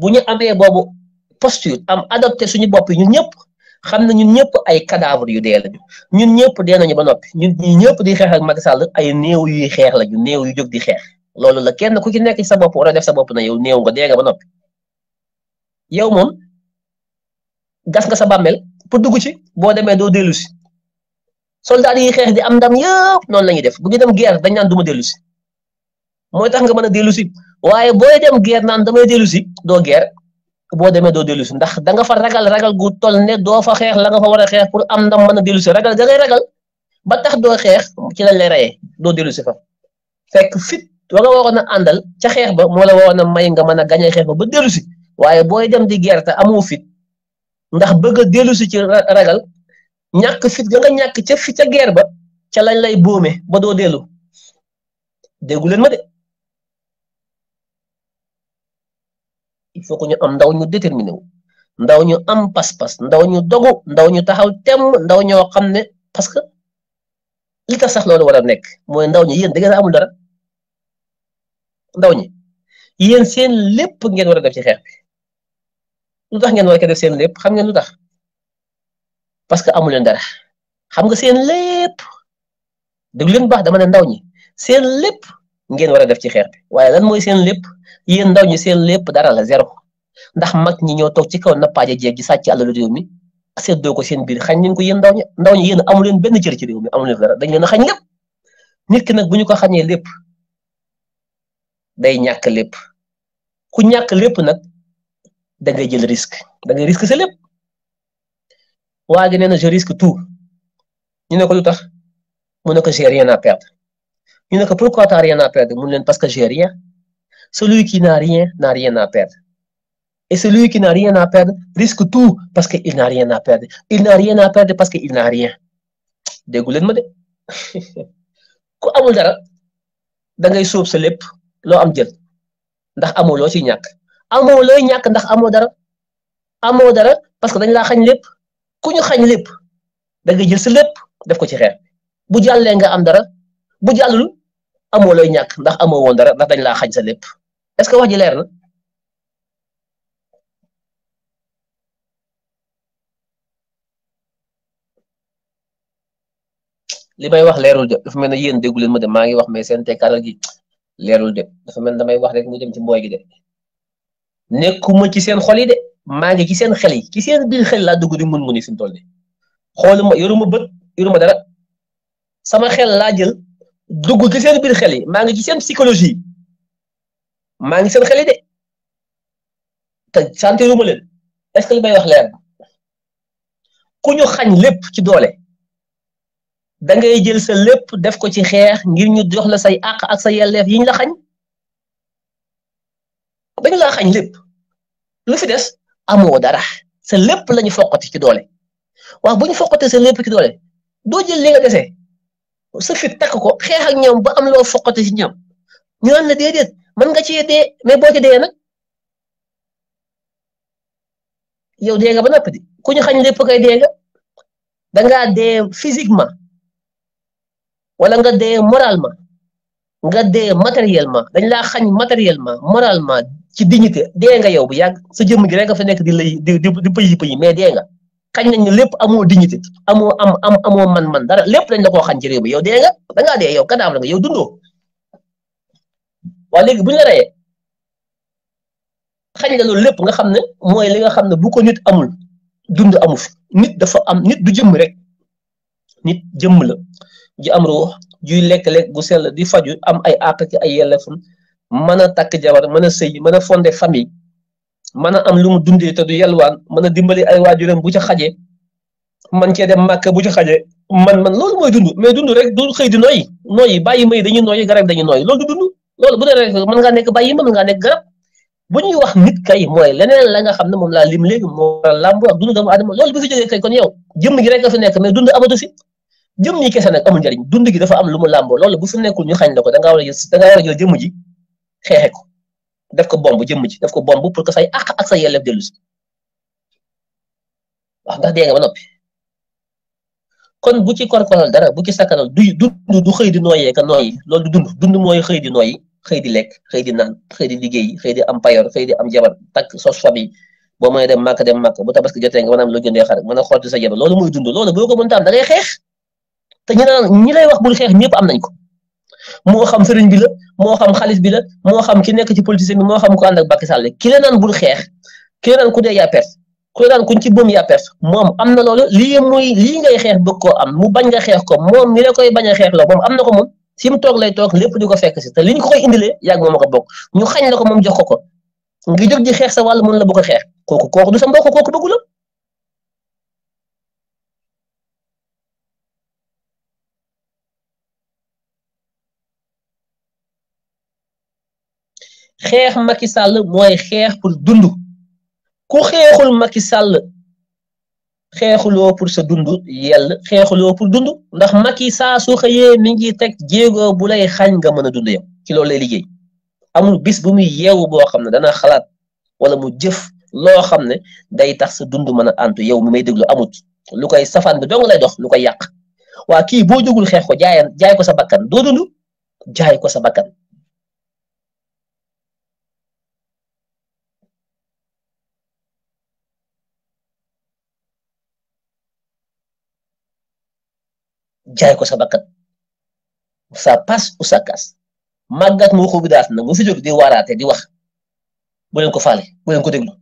bu ñu amee boobu posture am adopté suñu bopp yi ñun ñëpp xam na ñun ñëpp ay cadavre yu dee lañu ñun ñëpp dee nañu ba noppi ñun ñëpp di xeex ak Macky ay néew yuy xeex lañu néew yu jóg di xeex loolu la kenn ku ci nekk ci sa bopp war a def sa bopp na yow néew nga dee nga ba noppi yow moom gas nga sa bàmmeel pour dugg ci boo demee doo dellu si soldat yi xex di am dam yeup ya, non lañuy def bu ñu dem guerre dañ nan duma delusi moy tax nga mën delusi waye boy dem guerre nan damay delusi do guerre bo demé do delusi ndax da nga fa ragal ragal gu toll ne do fa xex la nga fa wara xex pour am dam delusi ragal da ngay ragal ba tax do xex ci lañ lay rayé do delusi fa fekk fit wa nga waroon andal ci xex ba mo la waroon may nga mën a xex ba ba delusi waye boy dem di guerre ta amu fit ndax bëgg delusi ci ragal ñàkk fit ga nga ñàkk ca fi ca guerre ba ca lañ lay boome ba doo dellu déggu leen ma de il faut que ñu am ndaw ñu déterminé wu ndaw ñu am pas-pas ndaw ñu dogu ndaw ñu taxaw temm ndaw ñoo xam ne parce que li tax sax loolu war a nekk mooy ndaw ñi yéen da ngeen amul dara ndaw ñi yeen seen lépp ngeen war a def ci xeex bi lu tax ngeen war a seen lépp xam ngeen lu tax. parce que amu leen dara xam nga seen lépp déglu leen baax dama ne ndaw ñi seen lépp ngeen war a def ci xeex bi waaye lan mooy seen lépp yéen ndaw ñi seen lépp dara la zéro ndax mag ñi ñoo toog ci kaw nappaaje jeeg ji sàcc àlalu réew mi seddoo ko seen biir xañ leen ko yéen ndaw ñi ndaw ñi yéen amu leen benn cër ci réew mi amu leen dara dañ leen a xañ lépp nit ki nag bu ñu ko xañee lépp day ñàkk lépp ku ñàkk lépp nag da ngay jël risque da ngay risque lépp waa ji je risque tout ñu ne lutax mu ne ko j'ai rien à perdre ñu ne pourquoi t'as rien à perdre mu ne parce que j'ai rien celui qui n'a rien n'a rien à perdre et celui qui n'a rien à perdre risque tout parce qu'il n'a rien à perdre il n'a rien à perdre parce qu'il n'a rien déggu ma de ku amul dara da ngay soop sa lepp lo am jël ndax amo lo ci ñak amo looy ñak ndax amo dara amo dara parce que dañ la xagn lepp ku ñu xañ lépp da nga jël sa lépp def ko ci xeer bu jàllee nga am dara bu jàllul amoo looy ñàkk ndax amoo woon dara ndax dañ laa xañ sa lépp est-ce que wax ji leer na li may wax leerul de dafa me ne yéen déggu leen ma de maa ngi wax mais seen tekkaaral gi leerul de dafa mel damay wax rek mu dem ci mbooy gi de nekkuma ci seen xol yi de maa ngi ci seen xel yi ci seen biir xel laa dugg di mun muni fi mu toll xooluma yoruma bët yoruma dara sama xel laa jël dugg ci seen biir xel yi maa ngi ci seen psychologie maa ngi seen xel yi de te santiruma leen est-ce que li may wax leer ku ñu xañ lépp ci doole da ngay jël sa lépp def ko ci xeex ngir ñu jox la say àq ak sa yelleef yiñ la xañ dañ laa xañ lépp lu fi des. amoo dara sa lépp la ñu foqati ci doole waaw bu ñu foqatee sa lépp ci doole doo jël li nga dese sa fit takk ko xeex ak ñoom ba am loo foqati ci ñoom ñu na la déedéet mën nga cee dee mais boo ci dee nag yow dee nga ba noppi di ku ñu xañ lépp kay dee nga da ngaa dee physiquement wala nga moral moralement nga dee matériellement dañ laa xañ matériellement moralement ci dignité dee nga yow bu yàgg sa jëmm ji rek nga fa nekk di lay di di di pëyi pëyi mais dee nga xañ nañ lépp amoo dignité amoo am am amoo man-man dara lépp dañ la koo xañ ci réew mi yow dee nga da ngaa dee yow kadaam la nga yow dundoo waaye léegi bu ñu xañ na loolu lépp nga xam ne mooy li nga xam ne bu ko nit amul dund amu fi nit dafa am nit du jëmm rek nit jëmm la ju am ruux juy lekk-lekk gu sell di faju am ay àq ak ay yelleefam mën a takk jabar mën a sëy mën a fondé famille mën a am lu mu dundee te du yalwaan mën a dimbali ay waajuram bu ca xaje man cee dem màkk bu ca xaje man man loolu mooy dund mais dund du xëy di noyyi noyyi bàyyi may dañuy noyyi garab dañuy noyyi loolu bu dee rek mën ngaa nekk bàyyi ma mën ngaa nekk garab bu ñuy wax nit kay mooy leneen la nga xam ne moom laa lim léegi moo làmb ak dund doomu aadama loolu bu fi jógee kay kon yow jëmm gi rek nga fi nekk mais dund amatu fi jëmm yi kese nag amul njariñ dund gi dafa am lu mu xañ la ko da ngaa a jël da ngaa ji xeexe ko def ko bomb jëmm ci def ko bomb pour que say àq ak say yelleef dellu si wax ndax dee nga ba noppi kon bu ci korkoral dara bu ci sakkanal du dund du xëy di nooyee ka nooyi loolu dund dund mooy xëy di nooy xëy di lekk xëy di nax xëy di liggéey xëy di am payor xëy di am jabar takk sos famille boo de dem màkk dem màkk bu tabaski jotee nga mën a am loo jëndee xar mën a xooti sa jabar loolu mooy dund loolu boo ko mënta am da ngay xeex te ñi naan ñi lay wax bul xeex ñëpp am nañ ko moo xam sëriñ bi la moo xam xaalis bi la moo xam ki nekk ci politicien bi moo xam ku ànd ak Macky Sall ki la naan bul xeex ki la ku dee yaa perte ku kuñ ci bëm yaa perte moom am na loolu lii muy lii ngay xeex bëgg ko am mu bañ nga xeex ko moom mi la koy bañ a xeex loo moom am na ko moom fi mu toog lay toog lépp di ko fekk si te li ñu ko koy indilee yàgg moom a ko bokk ñu xañ la ko moom jox ko ko ngi jóg di xeex sa wàll la bu ko xeex kooku kooku du sa kooku bëggu la xeex Macky Sall mooy xeex pour dund ku xeexul Macky Sall xeexuloo pour sa dund yell xeexuloo pour dund ndax Macky saa su xëyee mi ngi teg jéego bu lay xañ nga mën a dund yam ci loolu lay liggéey amul bis bu muy yeewu boo xam ne dana xalaat wala mu jëf loo xam ne day tax sa dund mën a ant yow mi may déglu amut lu koy safaan bi dong lay dox lu koy yàq waa kii boo jógul xeex ko jaayan jaay ko sa bakkan doo dund jaay ko sa bakkan jaay ko sa bakkan sa pas u sa kas màggat mu waxu bi daat nag fi jóg di waaraate di wax bu leen ko faale bu leen ko déglu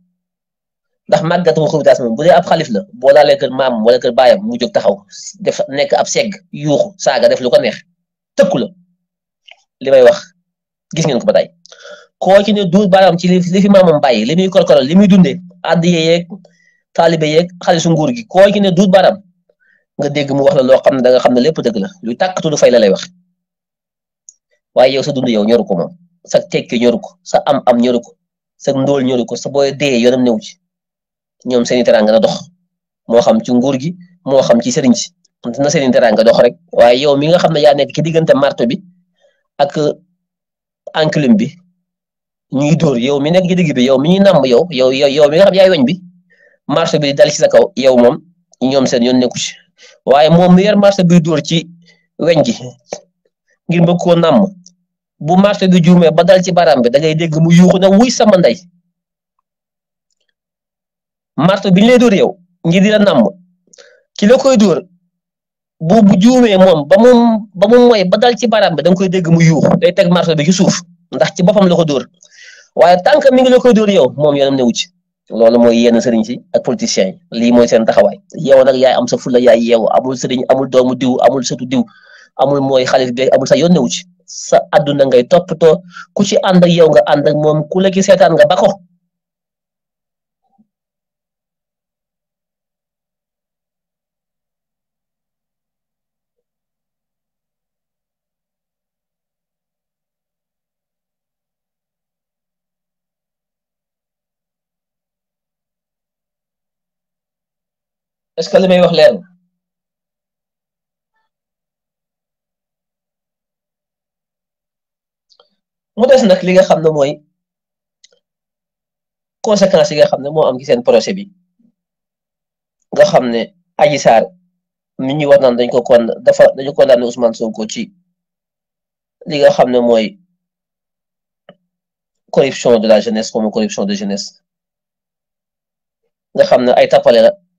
ndax màggat mu waxu bi bu dee ab xalif la boo laalee kër maam wala baayam mu jóg taxaw nekk ab segg yuuxu saaga def lu ko neex tëkku la li may wax gis ngeen ko ba tey koo ci duur baaraam ci li fi maamam bàyyi li muy korkoral li muy dundee addiye yeeg taalibe yeeg xaalisu nguur gi koo ci duur baaraam nga dégg mu wax la loo xam ne danga xam ne lépp dëgg la luy tàkk tudd fay la lay wax waaye yow sa dund yow ñoru ko moom sa tekki ñoru ko sa am-am ñoru ko sa ndool ñoru ko sa booy dee yoonam néew ci ñoom seeni teraanga na dox moo xam ci nguur gi moo xam ci sëriñ si na seeni teraanga dox rek waaye yow mi nga xam ne yaa nekk ci diggante marto bi ak enclume bi ñuy door yow mi nekk ci digg bi yow mi ñuy nàmm yow yow yow mi nga xam yaay weñ bi marto bi dal ci sa kaw yow moom ñoom seen yoon nekku ci waaye moom mi yor marché bi dóor ci weñ gi ngir bëgg koo bu marché bi juumee ba dal ci baram bi da ngay dégg mu yuux ne wuy samanday ndey marto bi ñu lay dóor yow ngir di la nàmm ki la koy dóor bu bu juumee moom ba mu ba mu moy ba dal ci baram bi da koy dégg mu yuux day teg marto bi ci suuf ndax ci boppam la ko dóor waaye tànk mi ngi la koy dóor yow moom yoonam newu ci loolu mooy yenn sëriñ si ak politiciens yi lii mooy seen taxawaay yow nag yaay am sa fulla yaay yeewu amul sëriñ amul doomu diw amul sëtu diw amul mooy xalif bi amul sa yoon yónnewu ci sa àdduna ngay toppatoo ku ci ànd yow nga ànd ak moom ku la ki seetaan nga ba est-ce que li may wax leer na mu des nag li nga xam ne mooy conséquences yi nga xam ne moo am ci seen projet bi nga xam ne aji Sarr mi ñu war naan dañ ko kon dafa dañu condamné Ousmane Sonko ci li nga xam ne mooy corruption de la jeunesse comme corruption de jeunesse nga xam ne ay tappale la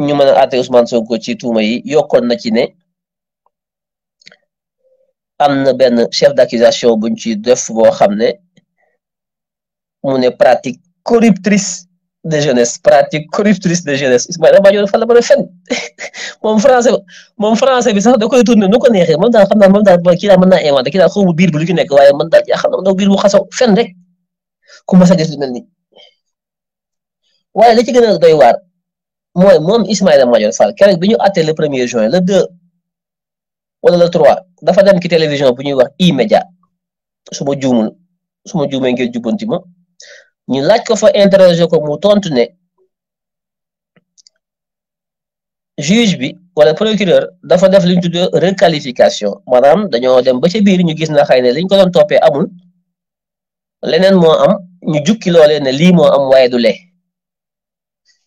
ñu mën a àtte Ousmane Sonko ci tuuma yi yokkoon na ci ne am na benn chef d'accusation buñ ci def boo xam ne mu ne pratique corruptrice de jeunesse pratique corruptrice de jeunesse Ismaïla Madior Fall la mën a fen moom français moom français bi sax da koy tourné nu ko neexee moom daal xam naa moom daal kii daal mën naa inventé kii daal xaw biir bi lu ci waaye mën daal yaa xam na biir bu xasaw fen rek ku mas a gis lu mel ni waaye la ci gën a waar mooy moom Ismaïla Madior Fall keroog bi ñu àttee le premier juin le deux wala le trois dafa dem ci télévision bu ñuy wax i media su ma juumul su ma juumee ngeen ñu laaj ko fa interroger ko mu tontu né juge bi wala procureur dafa def li ñu tuddee requalification maanaam dañoo dem ba ca biir ñu gis na xëy ne li ko doon toppee amul leneen moo am ñu jukki loolee ne lii moo am waaye du lee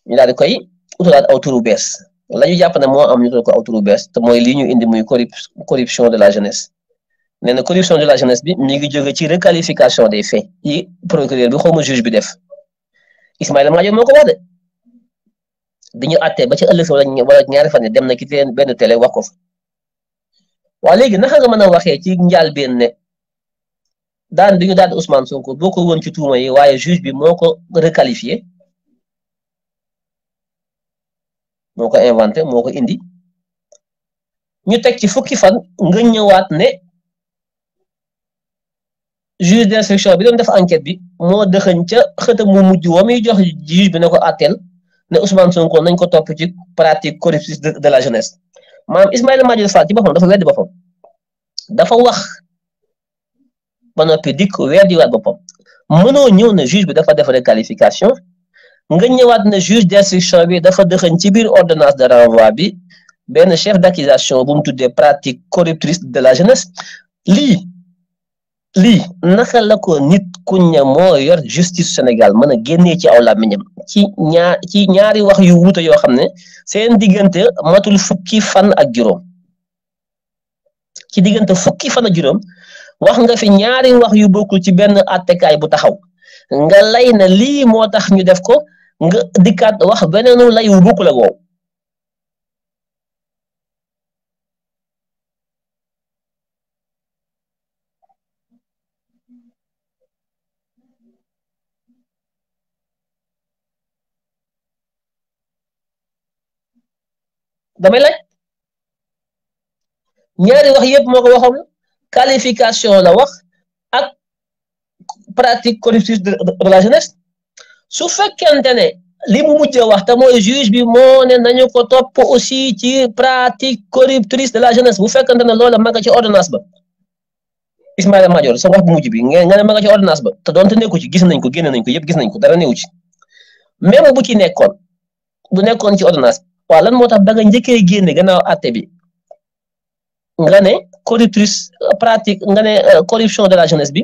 ñu daal di koy. utalaat aw turu bees la ñu jàpp ne moo am ñu utal ko aw turu bees te mooy lii ñu indi muy corruption de la jeunesse me na corruption de la jeunesse bi mi ngi jóge ci requalification des faits yi procureur bi xawma juge bi def Ismaïla Madior moo ko wax de bi ñu àttee ba ci ëllëg wala wala ñaari fan dem na ki leen benn télé wax ko fa waa léegi naka nga mën a waxee ci njàlbéen ne daan bi ñu daan Ousmane Sonko boo ko woon ci tuuma yi waaye juge bi moo ko requalifié Nous avons inventé indi ñu tek ci fukki fan nga ñëwaat ne juge d'instruction bi doon def enquête bi mo dexeñ ca xëta mu mujj wa jox juge bi ne ko Ousmane Sonko nañ ko pratique de la jeunesse maanaam Ismaël Madior Fall ci dafa dafa wax ba bopam mëno ñëw ne juge bi dafa def requalification nga ñëwaat ne juge d'instruction bi dafa dëxëñ ci biir ordonnance de renvoi bi benn chef d'accusation bu mu tuddee pratique corruptrice de la jeunesse lii lii naka la ko nit ku ña moo yor justice Sénégal mën a génnee ci aw làmmiñam ci ñaar ci ñaari wax yu wuute yoo xam ne seen diggante matul fukki fan ak juróom ci diggante fukki fan ak juróom wax nga fi ñaari wax yu bokkul ci benn àttekaay bu taxaw nga lay na lii moo tax ñu def ko nga dikkaat wax beneenu lay wu bukk la woow damay laaj ñaari wax yëpp moo ko waxoon qualification la wax pratique corruption de la jeunesse su fekkente ne li mu mujj wax te mooy juge bi moo ne nañu ko topp aussi ci pratique corruptrice de la jeunesse bu fekkente ne loola ma nga ci ordonnance ba Ismaïla Madior so wax bu mujj bi nga ne ma nga ci ordonnance ba te doonte nekku ci gis nañ ko génne nañ ko yëpp gis nañ ko dara newu ci même bu ci nekkoon bu nekkoon ci ordonnance waa lan moo tax da nga njëkkee génne gannaaw àtte bi nga ne corruptrice pratique nga ne corruption de la jeunesse bi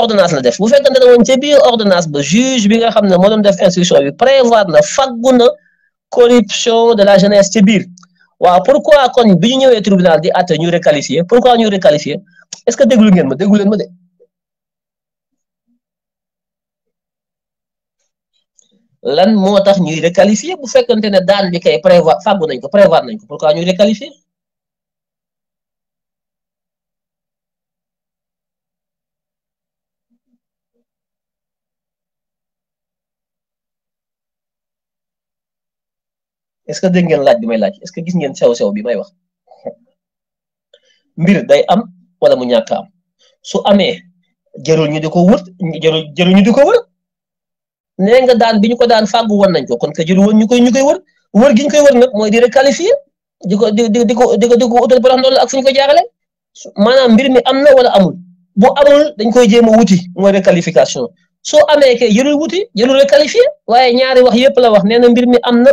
ordonnance la def bu fekkante ne woon ca biir ordonnance ba juge bi nga xam ne moo doon def instruction bi prévoir na faggu na corruption de la jeunesse ca biir waaw pourquoi kon bi ñu ñëwee tribunal di àtte ñu requalifier pourquoi ñu requalifier est-ce que déglu ngeen ma déglu ma de lan moo tax ñuy requalifier bu fekkante ne daan bi kay prévoir faggu nañ ko prévoir nañ ko pourquoi ñuy requalifier est-ce que dégg ngeen laaj bi may laaj est-ce que gis ngeen sew-sew bi may wax mbir day am wala mu ñàkk am su amee jarul ñu di ko wër jarul jarul di ko wër nee nga daan bi ñu ko daan fàggu woon nañ ko kon que jarul woon ñu koy ñu koy wër wër gi ñu koy wër nag mooy di requalifié di ko ko di ko ak fu ñu ko jaarale maanaam mbir mi am na wala amul boo amul dañ koy jéem a wuti mooy requalification soo amee kay jarul wuti jarul requalifié waaye ñaari wax yëpp la wax nee na mbir mi am na.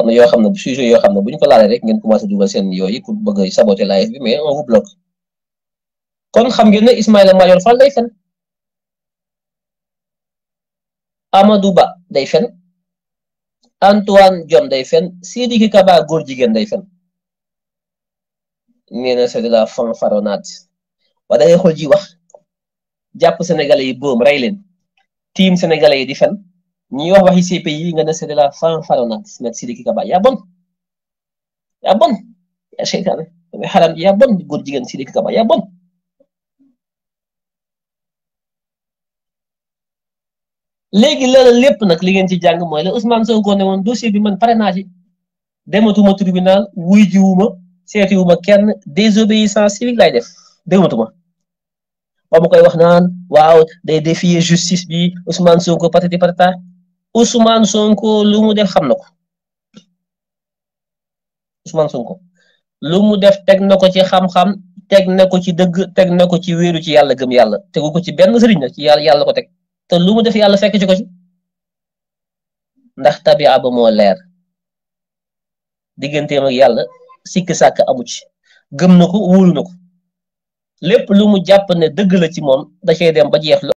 am yoo xam ne sujet yoo xam ne bu ñu ko laalee rek ngeen commencé dugal seen yooyu pour bëgg a saboter live mais on vous bloque kon xam ngeen ne Ismaïla Madior Fall day fen Amadou Ba day fen Antoine Diome day fen Sidiki Kaba góor jigéen day fen nee na c'est de la fanfaronnade waaye da ngay xool ji wax jàpp sénégalais yi boom rey leen tiim sénégalais yi di fen ñiy wax waxi CPI nga ne c'est de la fanfaronnade nag Sidiki Kaba yaa bon yaa bon yaa seytaane dafay góor jigéen Sidiki Kaba yaa bon léegi la lépp nag li ngeen ci jàng mooy la Ousmane Sonko ne woon dossier bi man pare naa ci dematuma tribunal wuy jiwuma seetiwuma kenn désobéissance civique lay def dematuma ba ma koy wax naan waaw day défier justice bi Ousmane Sonko patati patata Ousmane Sonko lu mu def xam na ko Ousmane Sonko lu mu def teg na ko ci xam-xam teg na ko ci dëgg teg na ko ci weeru ci yàlla gëm yàlla tegu ko ci benn sëriñ na ci yàlla yàlla ko teg te lu mu def yàlla fekk ci ko ci ndax tabia ba moo leer digganteem yàlla sikk sàkk amu ci gëm na ko wóolu na ko lépp lu mu jàpp ne dëgg la ci moom da cay dem ba jeex